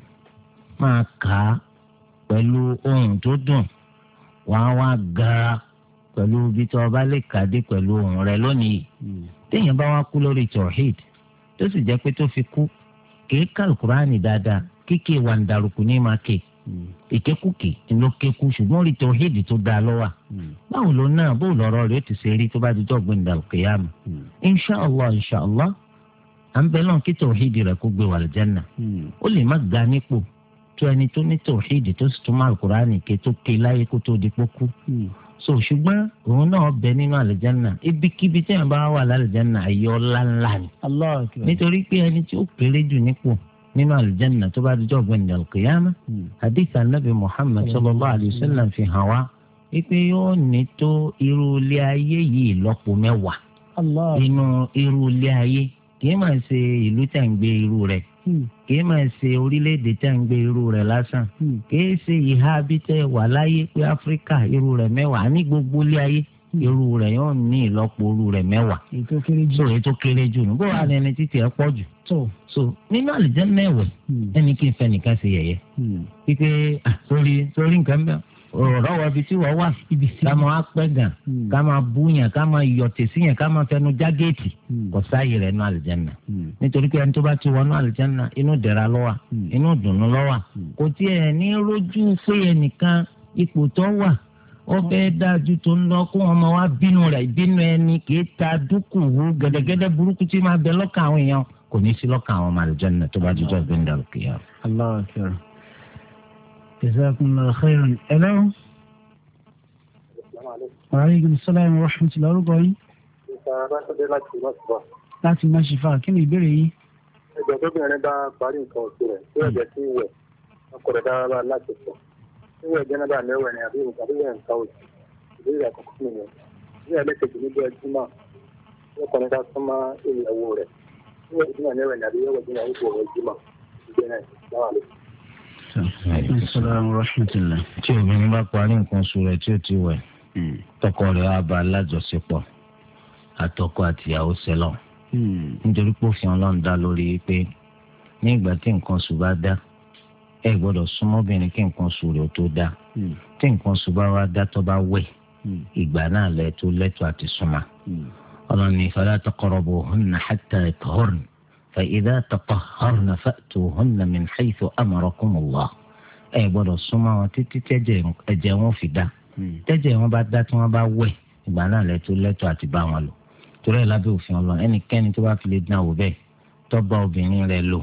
máa kà á pẹ̀lú ohun tó dùn wàá wá ga pẹ̀lú bí tí ọba lè kàdé pẹ̀lú ohun rẹ lónìí téèyàn bá wá kú lórí tawhid tó sì jẹ́ pé tó fi kú kì í ka alukurani dáadáa kíkẹ́ wàǹdàrúkú ní ma kè hmm. ìkékùkè ló kéku ṣùgbọ́n orí tó hédì tó da lọ́wà. Hmm. báwo ló náà bó lọ́rọ́ rẹ̀ ti ṣe rí tó bá di dọ́gbìn dàrúkẹ́ yá mi hmm. inṣàlá inṣàlá à ń bẹ lọ́n kí tòhídì rẹ̀ kó gbé wà lẹ́jẹ̀nà ó lè má ga nípò tó ẹni tó ní tòhídì tó sì tún má alukurani ké tó ké láyé kó tó di pókú so ṣùgbọ́n òun náà bẹ nínú àlìjánà ibikíbi tí yẹn bá wà lálìjánà ayọ̀ ńláńlá ni. nítorí pé ẹni tí ó kéré jù nípò nínú àlìjánà tó bá dijọ́ gbẹ̀ndẹ̀ alqiyama hmm. hadith anabi muhammad hmm. sallallahu alayhi wa sallam fi hàn wá wípé yóò ní tó irú ilé ayé yìí lọ́pọ̀ mẹ́wàá inú irú ilé ayé kì í máa ṣe ìlú tẹ̀ ń gbé irú rẹ̀ Hmm. kìí máa ṣe orílẹ̀-èdè tẹ́ ń gbé irú rẹ̀ lásán hmm. kìí ṣe ìhà abítẹ́ wà láyé pé áfíríkà irú rẹ̀ mẹ́wàá ní gbogbo ilé ayé hmm. irú rẹ̀ yóò ní ìlọ́po irú rẹ̀ mẹ́wàá so ètò kéré jù nígbà wà ní ẹni títí ẹ pọ̀ jù so nínú àlùjẹ́ mẹ́wẹ̀ẹ́ ẹni kí n fẹ́ nìkan ṣe yẹ̀yẹ́ wípé ah, sórí nǹkan bẹ́ẹ̀ ọ̀rọ̀ wa bi tí wọ́n wà ká máa pẹ́ gan hmm. ká máa bú yàn ká máa yọ̀ tèsí yàn ká máa fẹnu já géètì hmm. kò sáàyè rẹ̀ nù àlùjáná hmm. nítorí pé ẹni tó bá ti wọnú àlùjáná inú dẹ̀ra lọ́wà inú dùnú lọ́wà kò tiẹ̀ ní rójú pé ẹnìkan ipò tó wà ó fẹ́ dájú tó ń lọ kó wọn máa wá bínú rẹ̀ bínú ẹni kì í ta dúkùú gẹ́dẹ́gẹ́dẹ́ burúkú tí máa bẹ lọ́kàn àwọn èèyàn kò ní sí lọ́kàn àwọn ọmọ àlùjáná tó bá jíjọ́ gbẹ̀ndàlùkìyà. aláwọ̀ jazakumullahu khairan ẹlẹ́wọ̀n. wàhálà sọláì wọn rọ́ṣùn ti lọ́rùkọ yìí. láti má ṣe fa kí ni ìbéèrè yìí. ẹgbẹ́ tóbìnrin bá parí nǹkan oṣù rẹ̀ tí ẹ̀jẹ̀ tí wẹ̀ ọkọ̀rọ̀ dára láti sọ. wíwẹ̀ jẹ́ náà bá mẹ́wẹ̀ ni àbí nǹkan oṣù ìbéèrè àkọ́kọ́ nìyẹn. ìbéèrè lẹ́kẹ̀jì níbi ẹjú náà ọkùnrin ká súnmọ́ ìyàwó rẹ̀. wíwẹ̀ jẹ́ náà mẹ́wẹ̀ ni àbí wíwẹ̀ jẹ́ náà ó aleykum salaam wa rahmatulah. tí obìnrin bá parí nǹkan oṣù rẹ̀ tí ó ti wẹ̀ hmm. tọkọ rẹ̀ á bá alájọṣepọ̀ àtọkọ àtìyàwó sẹlọ hmm. nítorí pòfin Ọlọ́run dá lórí pé ní ìgbà tí nǹkan oṣù bá dá ẹ gbọ́dọ̀ súnmọ́bìnrin kí nǹkan oṣù rẹ̀ tó dá hmm. tí nǹkan oṣù bá wá dá tó bá wẹ̀ ìgbà náà lẹ tó lẹ́tọ̀ọ́ àti súnmọ́ Ọlọ́run ní fala taqrabuhunna hatta yatahharna fa idha tatahharna fa'tuhunna min haythu amarakumullah ẹ gbọ́dọ̀ súnmọ́ wọn títí tẹ́jẹ̀ wọn fi dá hmm. tẹ́jẹ̀ wọn bá dá tí wọ́n bá wẹ̀ ìgbà náà lẹ́tọ́ lẹ́tọ́ àti bá wọn lò torí ẹ̀ lábẹ́ òfin ọlọ́run ẹnikẹ́ni tó bá fi lè dán wò bẹ́ẹ̀ tó bá obìnrin rẹ̀ lò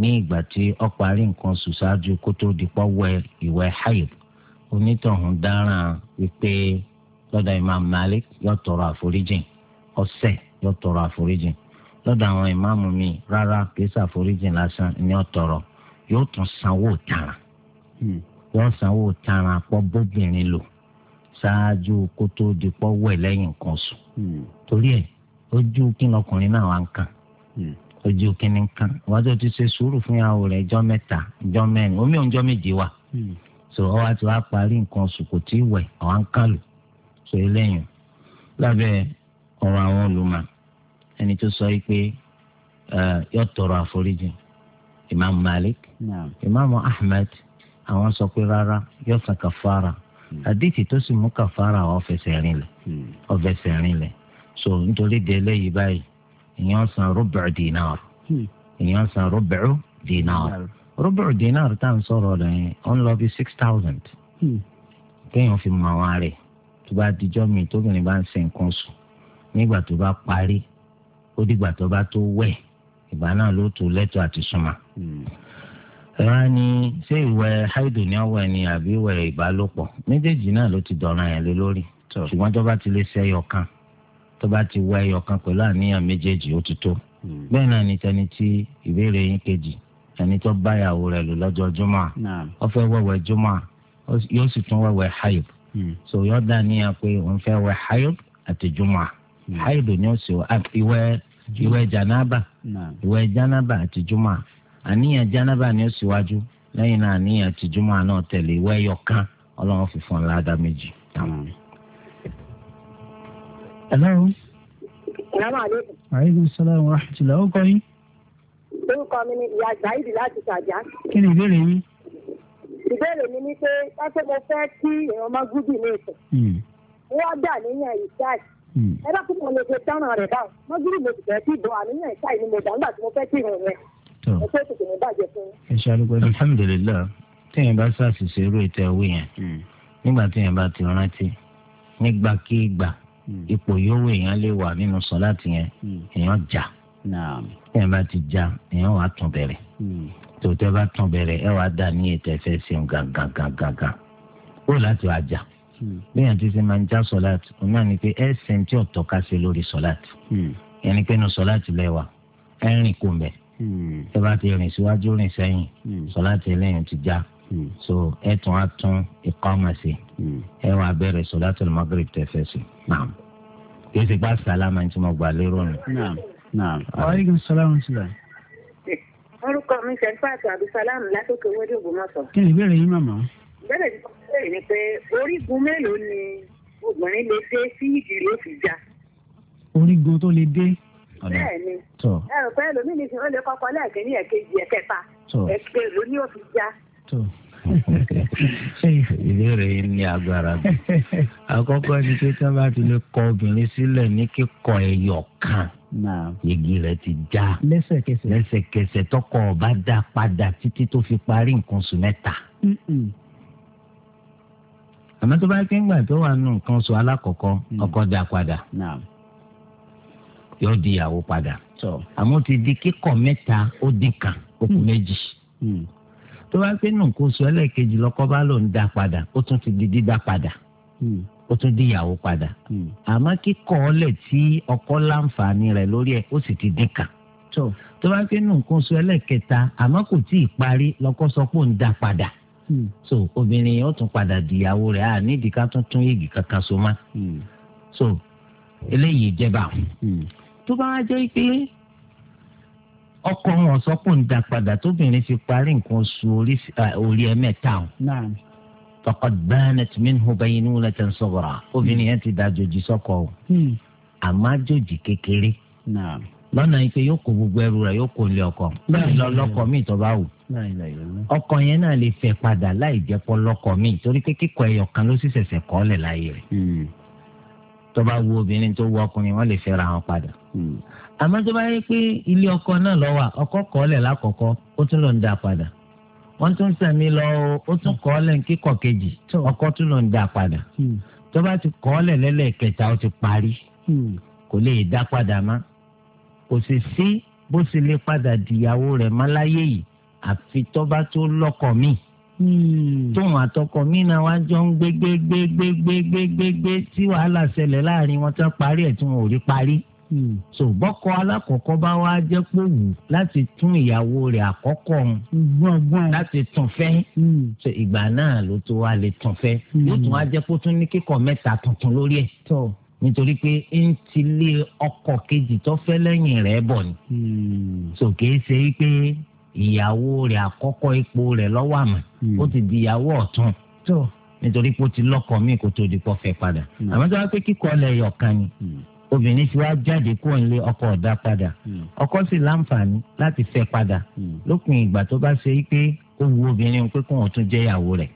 ní ìgbà tí ó nǹkan sùn ṣáájú kó tó dipọ́ wẹ̀ ìwẹ̀ hayib onítọ̀hún dáràn wípé lọ́dọ̀ imam malik yóò tọrọ àforíjìn ọ̀sẹ̀ yóò tọrọ àforíjìn lọ́dọ̀ àwọn ìmáàmù mi rárá kìí ṣàforíjìn lásán ni ó yóò tún sanwó tààrà wọ́n hmm. sanwó tara pọ́ bóbìnrin lò ṣáájú kó tó wẹ̀ lẹ́yìn nǹkan sùn. Hmm. torí ẹ̀ ojú kí náà wá ń kàn ojú hmm. kí ń kàn wọ́n ti ṣe sùúrù fún ìyàwó rẹ̀ jọ́ mẹ́ta jọ́ mẹ́rin omi òun jọ́ so ọwọ́ àti wàá parí nǹkan sùn kò tí ì wẹ̀ ọ̀ wá ń so lábẹ́ ọ̀rọ̀ àwọn olùmọ̀ ẹni sọ yìí pé eh, tọrọ àforíjì imam malik imam ahmed. àwọn sọ pé rárá yóò san kàfàrà àdìtì hmm. tó sì mú kàfàrà hmm. so nítorí de eléyìí báyìí èèyàn san rúbẹ̀rù dínàr èèyàn hmm. san rúbẹ̀rù dínàr rúbẹ̀rù dínàr tá à ń sọ̀rọ̀ rẹ̀ ń lọ bí six thousand kéèyàn fi mọ àwọn rẹ̀ tó bá dijọ́ mi tóbìnrin bá ń ṣe nǹkan sùn nígbà tó bá wọn á ní ṣé ìwẹ̀ haidu ni ọwọ́ ẹni àbí ìwẹ̀ ìbálòpọ̀ méjèèjì náà ló ti dọ̀ràn yẹn lé lórí ṣùgbọ́n tó bá ti lè ṣe ẹyọ kan tó bá ti wẹ̀ ẹyọ kan àníyàn méjèèjì ó ti tó hmm. bẹ́ẹ̀ náà ni tẹni tí ìbéèrè yín kejì ẹni tó báyàwó rẹ̀ lò lọ́jọ́ jùmọ̀ ó fẹ́ wẹ̀wẹ̀ jùmọ̀ yóò sì tún wẹ̀wẹ̀ haib hmm. so yóò dá níyà pé òun fẹ́ wẹ̀ haib àti jùmọ̀ hmm. haib ni ó sì wẹ̀ ìwẹ̀ janaba ìwẹ̀ janaba àti jùmọ̀ àníyàn jánábà ni ó síwájú lẹ́yìn náà àníyàn tìjúmọ́ náà tẹ̀lé wẹ́yọ̀ kan ọlọ́run fi fún ọ ládà méjì. hello. salaamu aleykum. aleykum salaam wa ó kọ́ yín. orúkọ mi ni ìyá zaidi láti kí ni ìbéèrè yín. ìbéèrè mi ni pé ẹsẹ̀ mo fẹ́ kí èèyàn máa gúdì ní wọ́n dà hmm. níyàn ìṣáì hmm. ẹ bá lè ṣe rẹ̀ báwọn mọ́gírì ni mo dà nígbà tí mo fẹ́ ó fẹ́ tètè ní bàjẹ́ fún yín. ẹ ṣe alùpùpù alhamdulilayi téèyàn bá ṣàṣìṣe irú ètò ẹ̀wé yẹn hmm. nígbà téèyàn bá ti rántí nígbàkigbà hmm. ipò yówó èèyàn lè wà nínú sọláàtì yẹn hmm. èèyàn jà téèyàn bá ti jà èèyàn wà tún bẹ̀rẹ̀ tòótọ́ bá tún bẹ̀rẹ̀ ẹ wàá dà ní ètò ẹ̀fẹ́ ṣeun gangan gangan gan ó láti wàá jà léèyàn ti ṣe máa ń já sọláàtì òun náà ni pé ẹ ṣe ń tí ọ̀tọ̀ ká ṣe lórí sọláàtì ẹni pé nu sọláàtì lẹ́wà ẹ rìn kò mẹ́ẹ̀ Hmm. tó bá ti rìn síwájú rìn sẹ́yìn hmm. sọláàtì eléyìí ti já hmm. so ẹ tún á tún ikọ́ ọmọ sí ẹ wàá bẹ̀rẹ̀ sọláàtì magrib tẹ fẹ́ sí naam kí ẹ ti gbá sálámà tí mo gbà lérò nù. àwọn ẹ̀ríkì sọláàmù sílẹ̀. orúkọ mi ṣe fàtó abdulsalam látòkè wọlé ògbómọ̀ṣọ́. kí ni ìbéèrè yín màmá. bẹ́ẹ̀ ni bẹ́ẹ̀ ni pé orígun mélòó ni obìnrin lè dé sí ìdílé òfìjà. orígun tó lè dé bẹ́ẹ̀ni ẹ rò pé ẹlòmíì ní ti wọn lè kọ́kọ́ lẹ́ẹ̀kẹ́ ní ẹ̀kejì ẹ̀kẹta ẹ̀kẹ́ ló ní òfin já. ìbéèrè yìí ní agbára bí àkọ́kọ́ ni pé tí wọ́n bá ti lè kọ obìnrin sílẹ̀ ní kíkọ ẹyọ kan yegi rẹ̀ ti já lẹ́sẹ̀kẹsẹ̀ lẹ́sẹ̀kẹsẹ̀ tọkọ ọba dá padà títí tó fi parí nǹkan oṣù mẹ́ta àmọ́ tó bá ké ńgbà tó wà nù nǹkan oṣù alákọ̀ọ́kọ́ mm. ọkọ dá padà. Nah yóò di ìyàwó padà àmọ́ ti di kíkọ̀ mẹ́ta ó dín kan ó kù hmm. méjì hmm. tó bá pé nù kó sọ ẹlẹ́ẹ̀kejì lọ́kọ bá lòún dá padà ó tún ti di dídá padà hmm. ó tún di ìyàwó padà àmọ́ kíkọ̀ ọlẹ̀ tí ọkọ láǹfààní rẹ̀ lórí ẹ̀ ó sì ti dín kan tó bá pé nù kó ẹlẹ́ẹ̀kẹta àmọ́ kò tí ì parí lọ́kọ sọ pé òun dá padà. so obìnrin yóò tún padà dìyàwó rẹ̀ à nídìí ká tún tún yéègì kankan so má hmm. so eléyìí jẹba tó bá jẹ́ pé ọkọ wọn sọ́kùn ń da padà tóbìnrin fi parí nǹkan oṣù orí eh, ẹ̀mẹ́ta o faqad banat minhu baynulatan sughra obìnrin yẹn ti da àjòjì sọ́kọ o hmm. àmọ́ àjòjì kékeré lọ́nà ife yóò kó gbogbo ẹrù rẹ̀ yóò kó lé ọkọ lọ́kọ míì tó bá wù ọkọ yẹn náà lè fẹ́ padà láì jẹ́ pọ́ lọ́kọ míì torí pé kíkọ ẹyọ kan ló sì ṣẹ̀ṣẹ̀ kọ́ lẹ̀ láyé rẹ̀. Hmm tó bá wo obìnrin tó wo ọkùnrin wọn lè fẹ́ra wọn padà. Hmm. àmọ́ tó bá yẹ pé ilé ọkọ náà lọ wà ọkọ kọ́lẹ̀ lákọ̀ọ́kọ́ ó tún lọ ń dá padà wọ́n tún sẹ̀mí lọ ó tún kọ́lẹ̀ kíkọ̀ kejì ọkọ tún lọ ń dá padà hmm. tó bá ti kọ́lẹ̀ lẹ́lẹ́kẹta ó ti parí hmm. kò lè dá padà mọ́ kò sì sí bó sì lè padà dìyàwó rẹ̀ mọ́ yìí àfi tó tó lọ́kọ míì Hmm. tóun àtọkọ mi náà wá jọ ń gbé gbé gbé gbé gbé gbé gbé gbé tí wàhálà ṣẹlẹ̀ láàrin wọn tán parí ẹ̀ tí wọn ò rí parí. Hmm. so bọ́kọ alákọ̀ọ́kọ́ bá wá jẹ́ pò wù láti tún ìyàwó rẹ̀ àkọ́kọ́ ọ̀hún láti tún fẹ́ hmm. so ìgbà náà ló tó wá lè tún fẹ́ yóò tún wá jẹ́ pò tún ní kíkọ̀ mẹ́ta tuntun lórí ẹ̀ nítorí pé ń tilé ọkọ kejì tó fẹ́ lẹ́yìn rẹ̀ bọ̀ ni so kì í ṣe pé ìyàwó rẹ̀ àkọ́kọ́ ipò rẹ̀ lọ́wọ́ àmọ́ ó ti di ìyàwó ọ̀tún nítorí pé ó ti lọ́kọ míì kó tó di pọ́ fẹ́ padà hmm. àmọ́ tó hmm. wá pé kíkọ́ ọlẹ̀ yọ̀kan ni obìnrin tí wàá jáde kúrò nílé ọkọ ọ̀dà padà hmm. ọkọ sì láǹfààní láti fẹ́ padà lópin ìgbà tó bá ṣe pé ó wu obìnrin pé kóun tún jẹ́ ìyàwó rẹ̀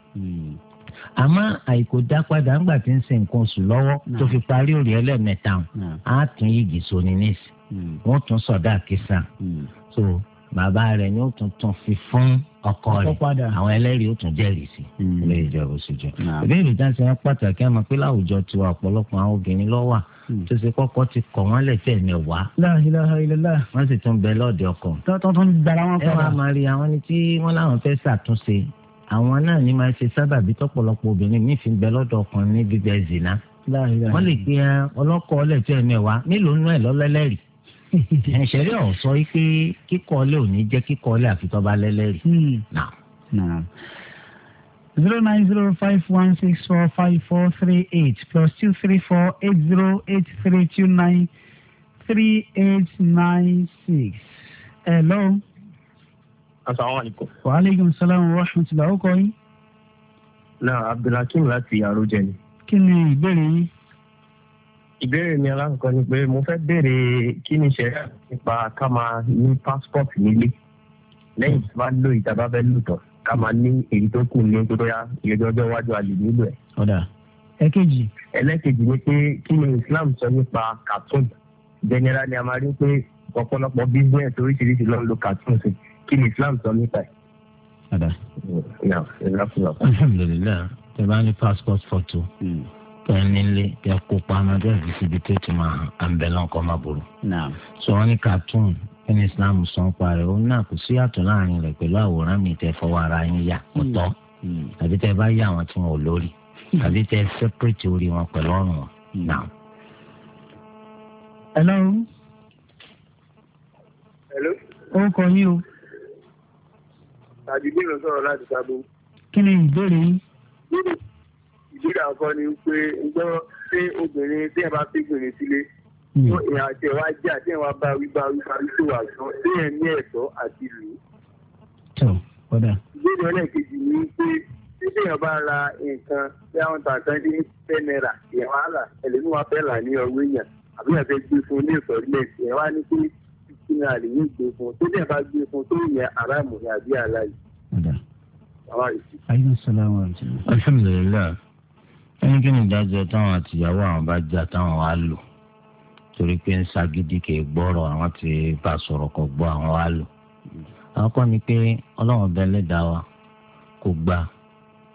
àmọ́ àìkò dá padà ńgbà tí ń ṣe nǹkan oṣù lọ́wọ́ tó fi parí òrì ẹlẹ́mẹ̀ta á tún yìgì sóni nísì wọ́n tún sọ̀dá kìsà so bàbá rẹ̀ ni ó tún tún fi fún ọkọ rẹ̀ àwọn ẹlẹ́rìí ó tún jẹ́rìí sí i hmm. lè jẹ́ bó ṣe jẹ́. ìbéèrè dáńsẹ̀ yẹn pàtàkì àmọ́ pé láwùjọ tó ọ̀pọ̀lọpọ̀ àwọn obìnrin lọ́wà hmm. tó ṣe kọ́kọ́ ti kọ̀ wọ́n lẹ́sẹ̀ ní ọ̀wá. wọ́n sì tún bẹ lọ́ọ̀dẹ ọkọ. tọ́tún tún gbàrà wọn fẹ́ràn. ẹ wá máa rí àwọn ẹni tí wọ́n láwọn fẹ́ ṣàtúnṣe àwọn náà ní máa ṣe sábàbí tọ́pọ̀lọpọ̀ obìnrin míì fi bẹ lọ́dọ̀ ọkùnrin ní gbígbẹ zina. wọ́n lè pe ọlọ́kọ̀ ọlẹ́tẹ̀ mẹ́wàá mélòó nú ẹ̀ lọ́lẹ́lẹ́rìí ẹ̀ṣẹ̀rí ọ̀ sọ pé kíkọ́lé ò ní jẹ́ kíkọ́lé àfi tó bá lẹ́lẹ́rìí. Hmm. zero nine zero five one six four five four three eight plus two three four eight zero eight three two nine three eight nine six. hello. asalaamualeykum. wa aleykum salaam wa rahmatulah. ó kọ́ yín. na abdulhakeem láti àròjẹ ni. kí ni ìbéèrè yín ìbéèrè mi alákọ̀ọ́ ni pé mo fẹ́ béèrè kí ni ṣe nípa ká máa ní passport nílé lẹ́yìn tí wọ́n lò ìjàmbá fẹ́ lò tán ká máa ní èyí tó kù ní tó yá ìrẹ́jọ́ ọjọ́ iwájú a lè nílò ẹ̀. ọ̀dà ẹ̀kejì. ẹlẹ́kejì ni pé kí ni Islam sọ nípa cartoon general ni a máa rí pé ọ̀pọ̀lọpọ̀ business oríṣiríṣi ló ń lo cartoon sí kí ni Islam sọ nípa ẹ̀. ọ̀dà alhamdulilayi tẹ bá ní passport photo. Mm ẹ nílé ẹ kó pamọ́ bẹ́ẹ̀ fi síbi tó ti máa hàn àǹbẹ̀lẹ̀ ọkọ̀ máa burú. sọ wọn ní cartoon ẹni islam sọ ń parẹ́ òun náà kò sí yàtọ̀ láàrin rẹ̀ pẹ̀lú àwòrán mi tẹ fọwọ́ ara yín yà ọ̀tọ̀ hmm. hmm. àbí tẹ bá yà wọn tí wọn ò lórí hmm. àbí tẹ sẹ́pẹ̀rẹ̀tì orí wọn pẹ̀lú ọ̀rùn wọn hello. hello. ó kọ yín o. tàbí bí mo láti sábò. kí ni ìbéèrè yín nàìjíríà kọ́ ni pé gbọ́ pé obìnrin tí ẹ̀ bá fi gbìnrin sílé hmm. ìyá àti ẹ̀wá jẹ́ àti ẹ̀wá bá wí bá wí bá wí tó wà sọ tí ẹ̀ ní ẹ̀tọ́ àti ìlú. ìbéèrè ẹlẹ́ẹ̀kejì ni pé títí èèyàn bá ra nǹkan bí àwọn tàǹkan dín ní ten naira èèyàn á là ẹlẹ́nu wa fẹ́ là ní ọwọ́ èèyàn àbí ẹ̀fẹ́ gbé fún ní ìsọ̀rílẹ̀ èèyàn wá ní pé títí náà lè ní gbé fún tó dẹ̀ bá gbé fún tó yẹ aráàmù ni àbí aláì. alhamdulilayi. ẹni kí ni ìdájọ́ táwọn àtìyàwó àwọn bá já táwọn wá lò torí pé ń ṣagídí kì í àwọn ti bá sọ̀rọ̀ kò gbọ́ àwọn wá lò ni pé wa kò gba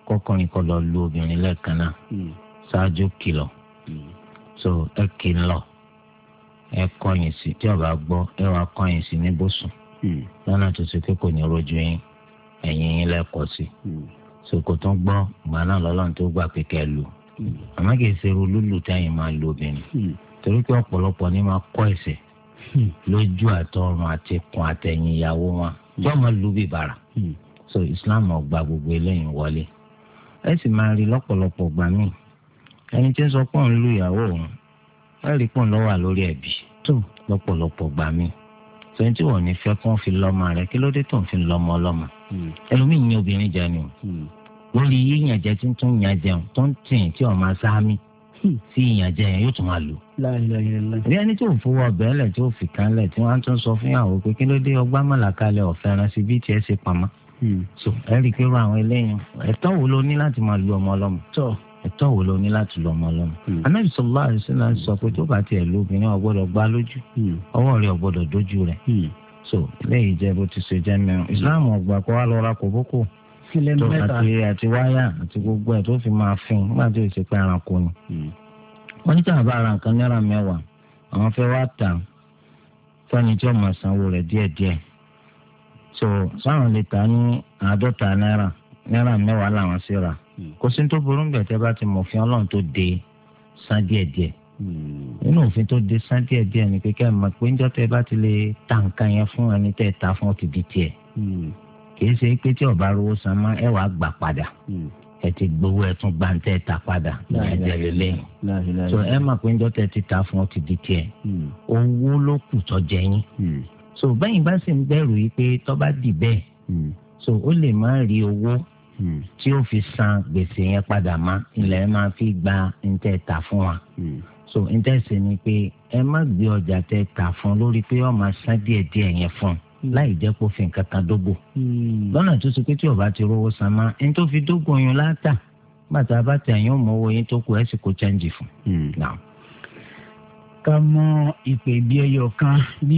kọ́kọ́rin kọ́ lọ lu obìnrin lẹ́ẹ̀kan náà ṣáájú so ẹ kì í lọ ẹ sí tí ọba ẹ sí níbùsùn hmm. tó ṣe pé sokoto gbọ́ ìgbà náà lọ́lọ́run tó gbà pé kẹ́ ẹ lò àmọ́ kì í ṣe irú lúlù táyìn máa lo obìnrin hmm. torí pé ọ̀pọ̀lọpọ̀ ní máa kọ́ ẹ̀sẹ̀ hmm. lójú àtọrun àti kun àtẹ̀yìn ìyàwó wọn tí hmm. wọ́n máa lu bí bàrà so Islam ọgbà gbogbo eléyìí wọlé ẹ sì máa rí lọ́pọ̀lọpọ̀ gbà míì ẹni tí ń sọ pé òun lu ìyàwó òun ẹ rí pọ̀ lọ́wọ́ lórí ẹ̀bí tó lọ́pọ̀lọpọ̀ gbà míì sọyìn tí wọn ní fẹ́ kí wọ́n fi lọ́mọ rẹ kí ló dé tó ń fi lọ́mọ ọlọ́mọ ẹlòmíì ní obìnrin jẹ ni o lórí yíyànjẹ tí ń tún yànjẹ tó ń tìǹ tí ọmọ sáámi hmm. tí ìyànjẹ yẹn yóò tún máa lò. ní ẹni tí fowó ọbẹ̀ lẹ̀ tí fi kan tí wọ́n á tún sọ fún ìyàwó pé kí ló dé ọgbà mọ̀làkalẹ̀ ọ̀fẹ́ ránṣẹ́ bí tiẹ̀ ṣe pamọ́. Hmm. so ẹ rí i pé àwọn eléyìí ẹ̀tọ́ wo ló ní láti máa lu ọmọ ọlọ́mọ. ẹ̀tọ́ wo ló ní láti lu ọmọ ọlọ́mọ. anábì sọlá àdìsílà sọ pé tó bá tiẹ̀ lu obìnrin ò gbá lójú hmm. ọwọ́ rẹ̀ ò dójú rẹ̀. so eléyìí jẹ́ bó ti ṣe jẹ́ mẹ́rin ìsìláàmù ọ̀gbà kọ́ wa lọ ra kòbókò tó àti àti wáyà àti gbogbo ẹ̀ tó fi máa fin nígbà tí èsì pé ara kò ní. wọ́n ní tàn bá ara nǹkan náírà mẹ́wàá àwọn fẹ́ wá tà fẹ́ni tí wọ́n máa sanwó rẹ̀ díẹ̀díẹ̀ so sáwọn lè ta ní àádọ́ta náírà náírà mẹ́wàá làwọn sì rà hmm. kò sí tó burú bẹ̀ tẹ́ bá ti mọ̀ fi ọlọ́run tó de san díẹ̀díẹ̀ hmm. nínú òfin tó de san díẹ̀díẹ̀ ni pé kẹ́ ẹ̀ mọ̀ pé ń jọ́ tẹ́ bá ti lè ta nǹkan yẹn fún ẹni tẹ́ ta fún ọ kì í ṣe pé tí ọba rówó san mọ́ ẹ wàá gbà padà hmm. ẹ ti gbowó ẹ tún gbà ta padà ìyàjẹ́ lélẹ́yìn so ẹ mọ̀ pé njọ́ tẹ́ ti ta fún ọ ti di tiẹ̀ hmm. owó ló kù tọ́jẹ́ yín hmm. so bẹ́yìn bá sì ń bẹ̀rù yìí pé tọ́ba dì bẹ́ẹ̀ so ó lè má rí owó tí ó fi san gbèsè yẹn padà mọ́ ilẹ̀ máa fi gba ń ta fún wa so ń tẹ́ sẹ́ ni pé ẹ má gbé ọjà tẹ́ ta fún lórí pé ọ máa san díẹ̀díẹ̀ yẹn fún un láì jẹ́ kó fi nǹkan kan dógò. Hmm. lọ́nà tó ṣe pé tí ọba ti rówó san máa ẹni tó fi dógò yun látà bàtà bá tẹ àyàn mọ owó yín tó kù ẹ sì kó chẹ́ǹjì fún. Hmm. ká mọ ìpè bí ẹyọ kan bí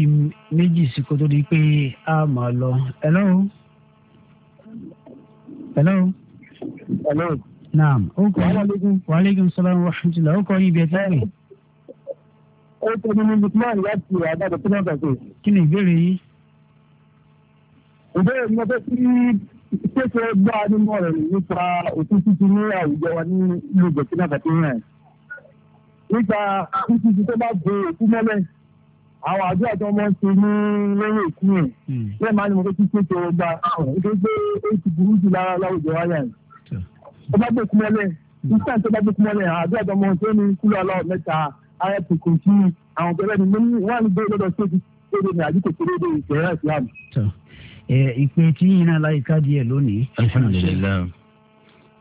méjì sí kó tó di pé a máa lọ. hello. hello. hello. naam o kọ wa aleykum salaam wa rahmatulah o kọ ibi ẹ tẹ́lẹ̀. ó tẹ́lẹ̀ ní lukman láti àgbàdo tó náà bàtẹ́. kí ni ìbéèrè yìí ìbéèrè mi pé kí pèsè gbọ́ nínú ọ̀rọ̀ nípa òkú títí ní àwùjọ wa ní ìlú burkina faso rẹ̀ nípa títí tó bá gbé òkú mọ́lẹ̀ àwọn àjọ àti ọmọ ń ṣe ní lẹ́yìn òkú yẹn hmm. bẹ́ẹ̀ máa ní mo fẹ́ kí pèsè gbà nítorí pé ó ti burú jù lára láwùjọ wa yẹn tó bá gbé òkú mọ́lẹ̀ hmm. nígbà tó bá gbé òkú mọ́lẹ̀ àjọ àti ọmọ tó ní kúlù aláwọ̀ mẹ́ta ayé tó sí àwọn bẹ̀rẹ̀ ni wọ́n á ní gbé lọ́dọ̀ sóde sóde ní àdìkò sóde ìṣẹ̀rẹ̀ ìpè tí yìí náà láyé káàdì ẹ̀ lónìí. alhamdulilayi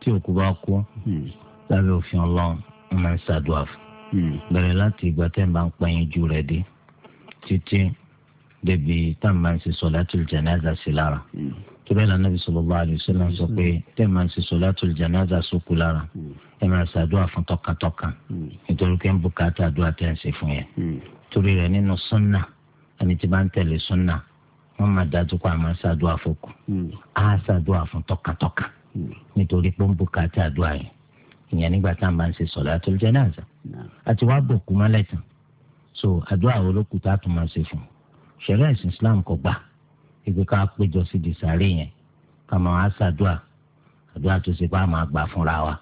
tí òkú bá kú hmm. lábẹ́ òfin ọlọ́run wọn máa ń ṣàdúrà fún hmm. bẹ̀rẹ̀ láti ìgbà tẹ́ ń bá ń pẹ́yìn jù rẹ̀ dé títí débi tá a máa ń ṣe solatul janaza sí lára hmm. tubẹ́lá nàbì sallallahu alaihi wasallam sọ pé tẹ́ ẹ máa ń ṣe solatul janaza sókù lára ẹ máa ṣàdúrà fún tọkàntọkàn nítorí pé ń bùkátà àdúrà tẹ́ ń ṣe fún yẹn torí rẹ̀ nínú sunna ẹni tí bá ń tẹ̀lé sunna wọ́n máa dájú pé a máa ṣàdúrà fọkù á hmm. ṣàdúrà fún tọkàntọkàn hmm. nítorí pé ó ń bùkátà àdúrà yẹn ìyẹn nígbà tá a máa ń ṣe solatul janaza hmm. àti wàá bòkú mọ́lẹ̀ tán so àdúrà wo ló kù tá a máa ṣe fún un ṣẹ̀ríà Islam kò gbà ibi ká péjọ sí di sàárè yẹn ká máa ṣàdúrà àdúrà tó ṣe pé a máa gbà fúnra wa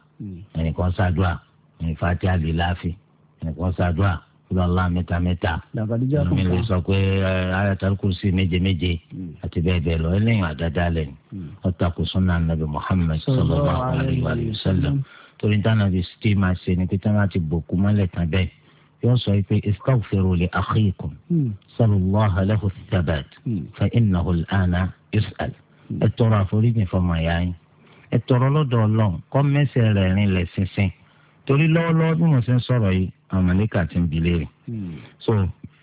ẹnìkan ṣàdúrà ẹnìfàtí àlè láàfin ẹnìkan ṣàdúrà ìbáwọlá mẹ́ta mẹ́ta mi lè sọ pé ayatul kursi méje méje hmm. àti bẹ́ẹ̀ bẹ́ẹ̀ lọ ẹlẹ́yìn àdáda lẹ̀ ní ọ̀tà hmm. kò sunna nàbì muhammed sallallahu alayhi wa sallam torí dáná bí sítí máa ṣe ni pé tí wọ́n ti bòkú mọ́lẹ̀ tán bẹ́ẹ̀ yóò sọ pé istaghfiru li akhikum hmm. sallallahu lahu thabat fa innahu al-ana yus'al ẹ tọrọ àforíjì fọmọ ìyá yín ẹ tọrọ lọ́dọ̀ Ọlọ́run kọ́ mẹ́sẹ̀ rin lẹ̀ sísìn torí lọ́wọ́lọ́wọ́ bí mo ṣe ń sọ̀rọ̀ yìí àwọn màlíkà ti ń bi léèrè. Hmm. so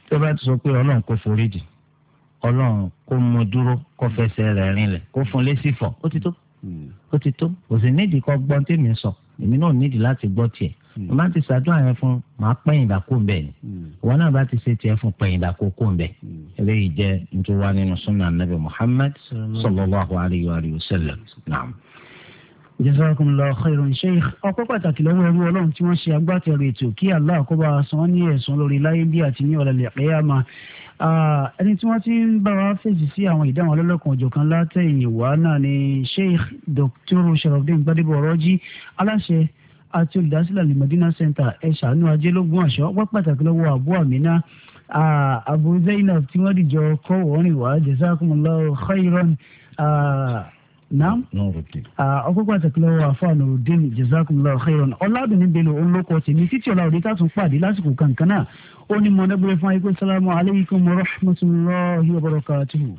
tó bá ti sọ pé ọlọ́run kò foríjì ọlọ́run kò mú dúró kó hmm. fẹsẹ̀ rẹ̀ rinlẹ̀ kó fún lé sí fọ̀ ó ti tó hmm. ó ti tó kò sì nídìí kó gbọ́n tèmi sọ èmi náà nídìí láti gbọ́ tiẹ̀ mo máa ti ṣàdúrà yẹn fún màá pẹ́yìn ìdàkó ń bẹ̀ ni ìwọ náà bá ti ṣe tiẹ̀ fún pẹ́yìn ìdàkó kó ń bẹ̀ eléyìí jẹ́ nítorí wá nínú sunnah nabi Muhammad sallallahu alayhi wa sallam naam jazakumullahu khairan sheikh ọpẹ́ pàtàkì lọ́wọ́ ẹrú Ọlọ́run tí wọ́n ṣe agbátẹrù ètò kí Allah kó bá san ní ẹ̀san lórí láyé bí àti ní ọlẹlẹ àpẹyàmà ẹni tí wọ́n ti ń bá wa fèsì sí àwọn ìdáhùn ọlọlọkan ọjọkan látẹ̀yìn wá náà ni sheikh dr sharafdin gbadebo ọrọjí aláṣẹ àti olùdásílẹ̀ alimọdínà center ẹṣánú ajé lógún àṣọ ọpẹ́ pàtàkì lọ́wọ́ àbú àmínà àbú zainab tí wọ́n dìjọ kọ wọrin wá jazakumullahu khairan naam ọkọ̀kọ̀ àtẹ̀kùlọ̀ àfọ̀nà òdin jazakumullahu khairan ọ̀làdùnní bello olóko tèmi títí ọ̀la òde tá a tún pàdé lásìkò kankan náà ó ní mọ̀nẹ́gbẹ̀rẹ̀ fún ayé pé sálámù aleykum wa rahmatulahi wa barakatuhu.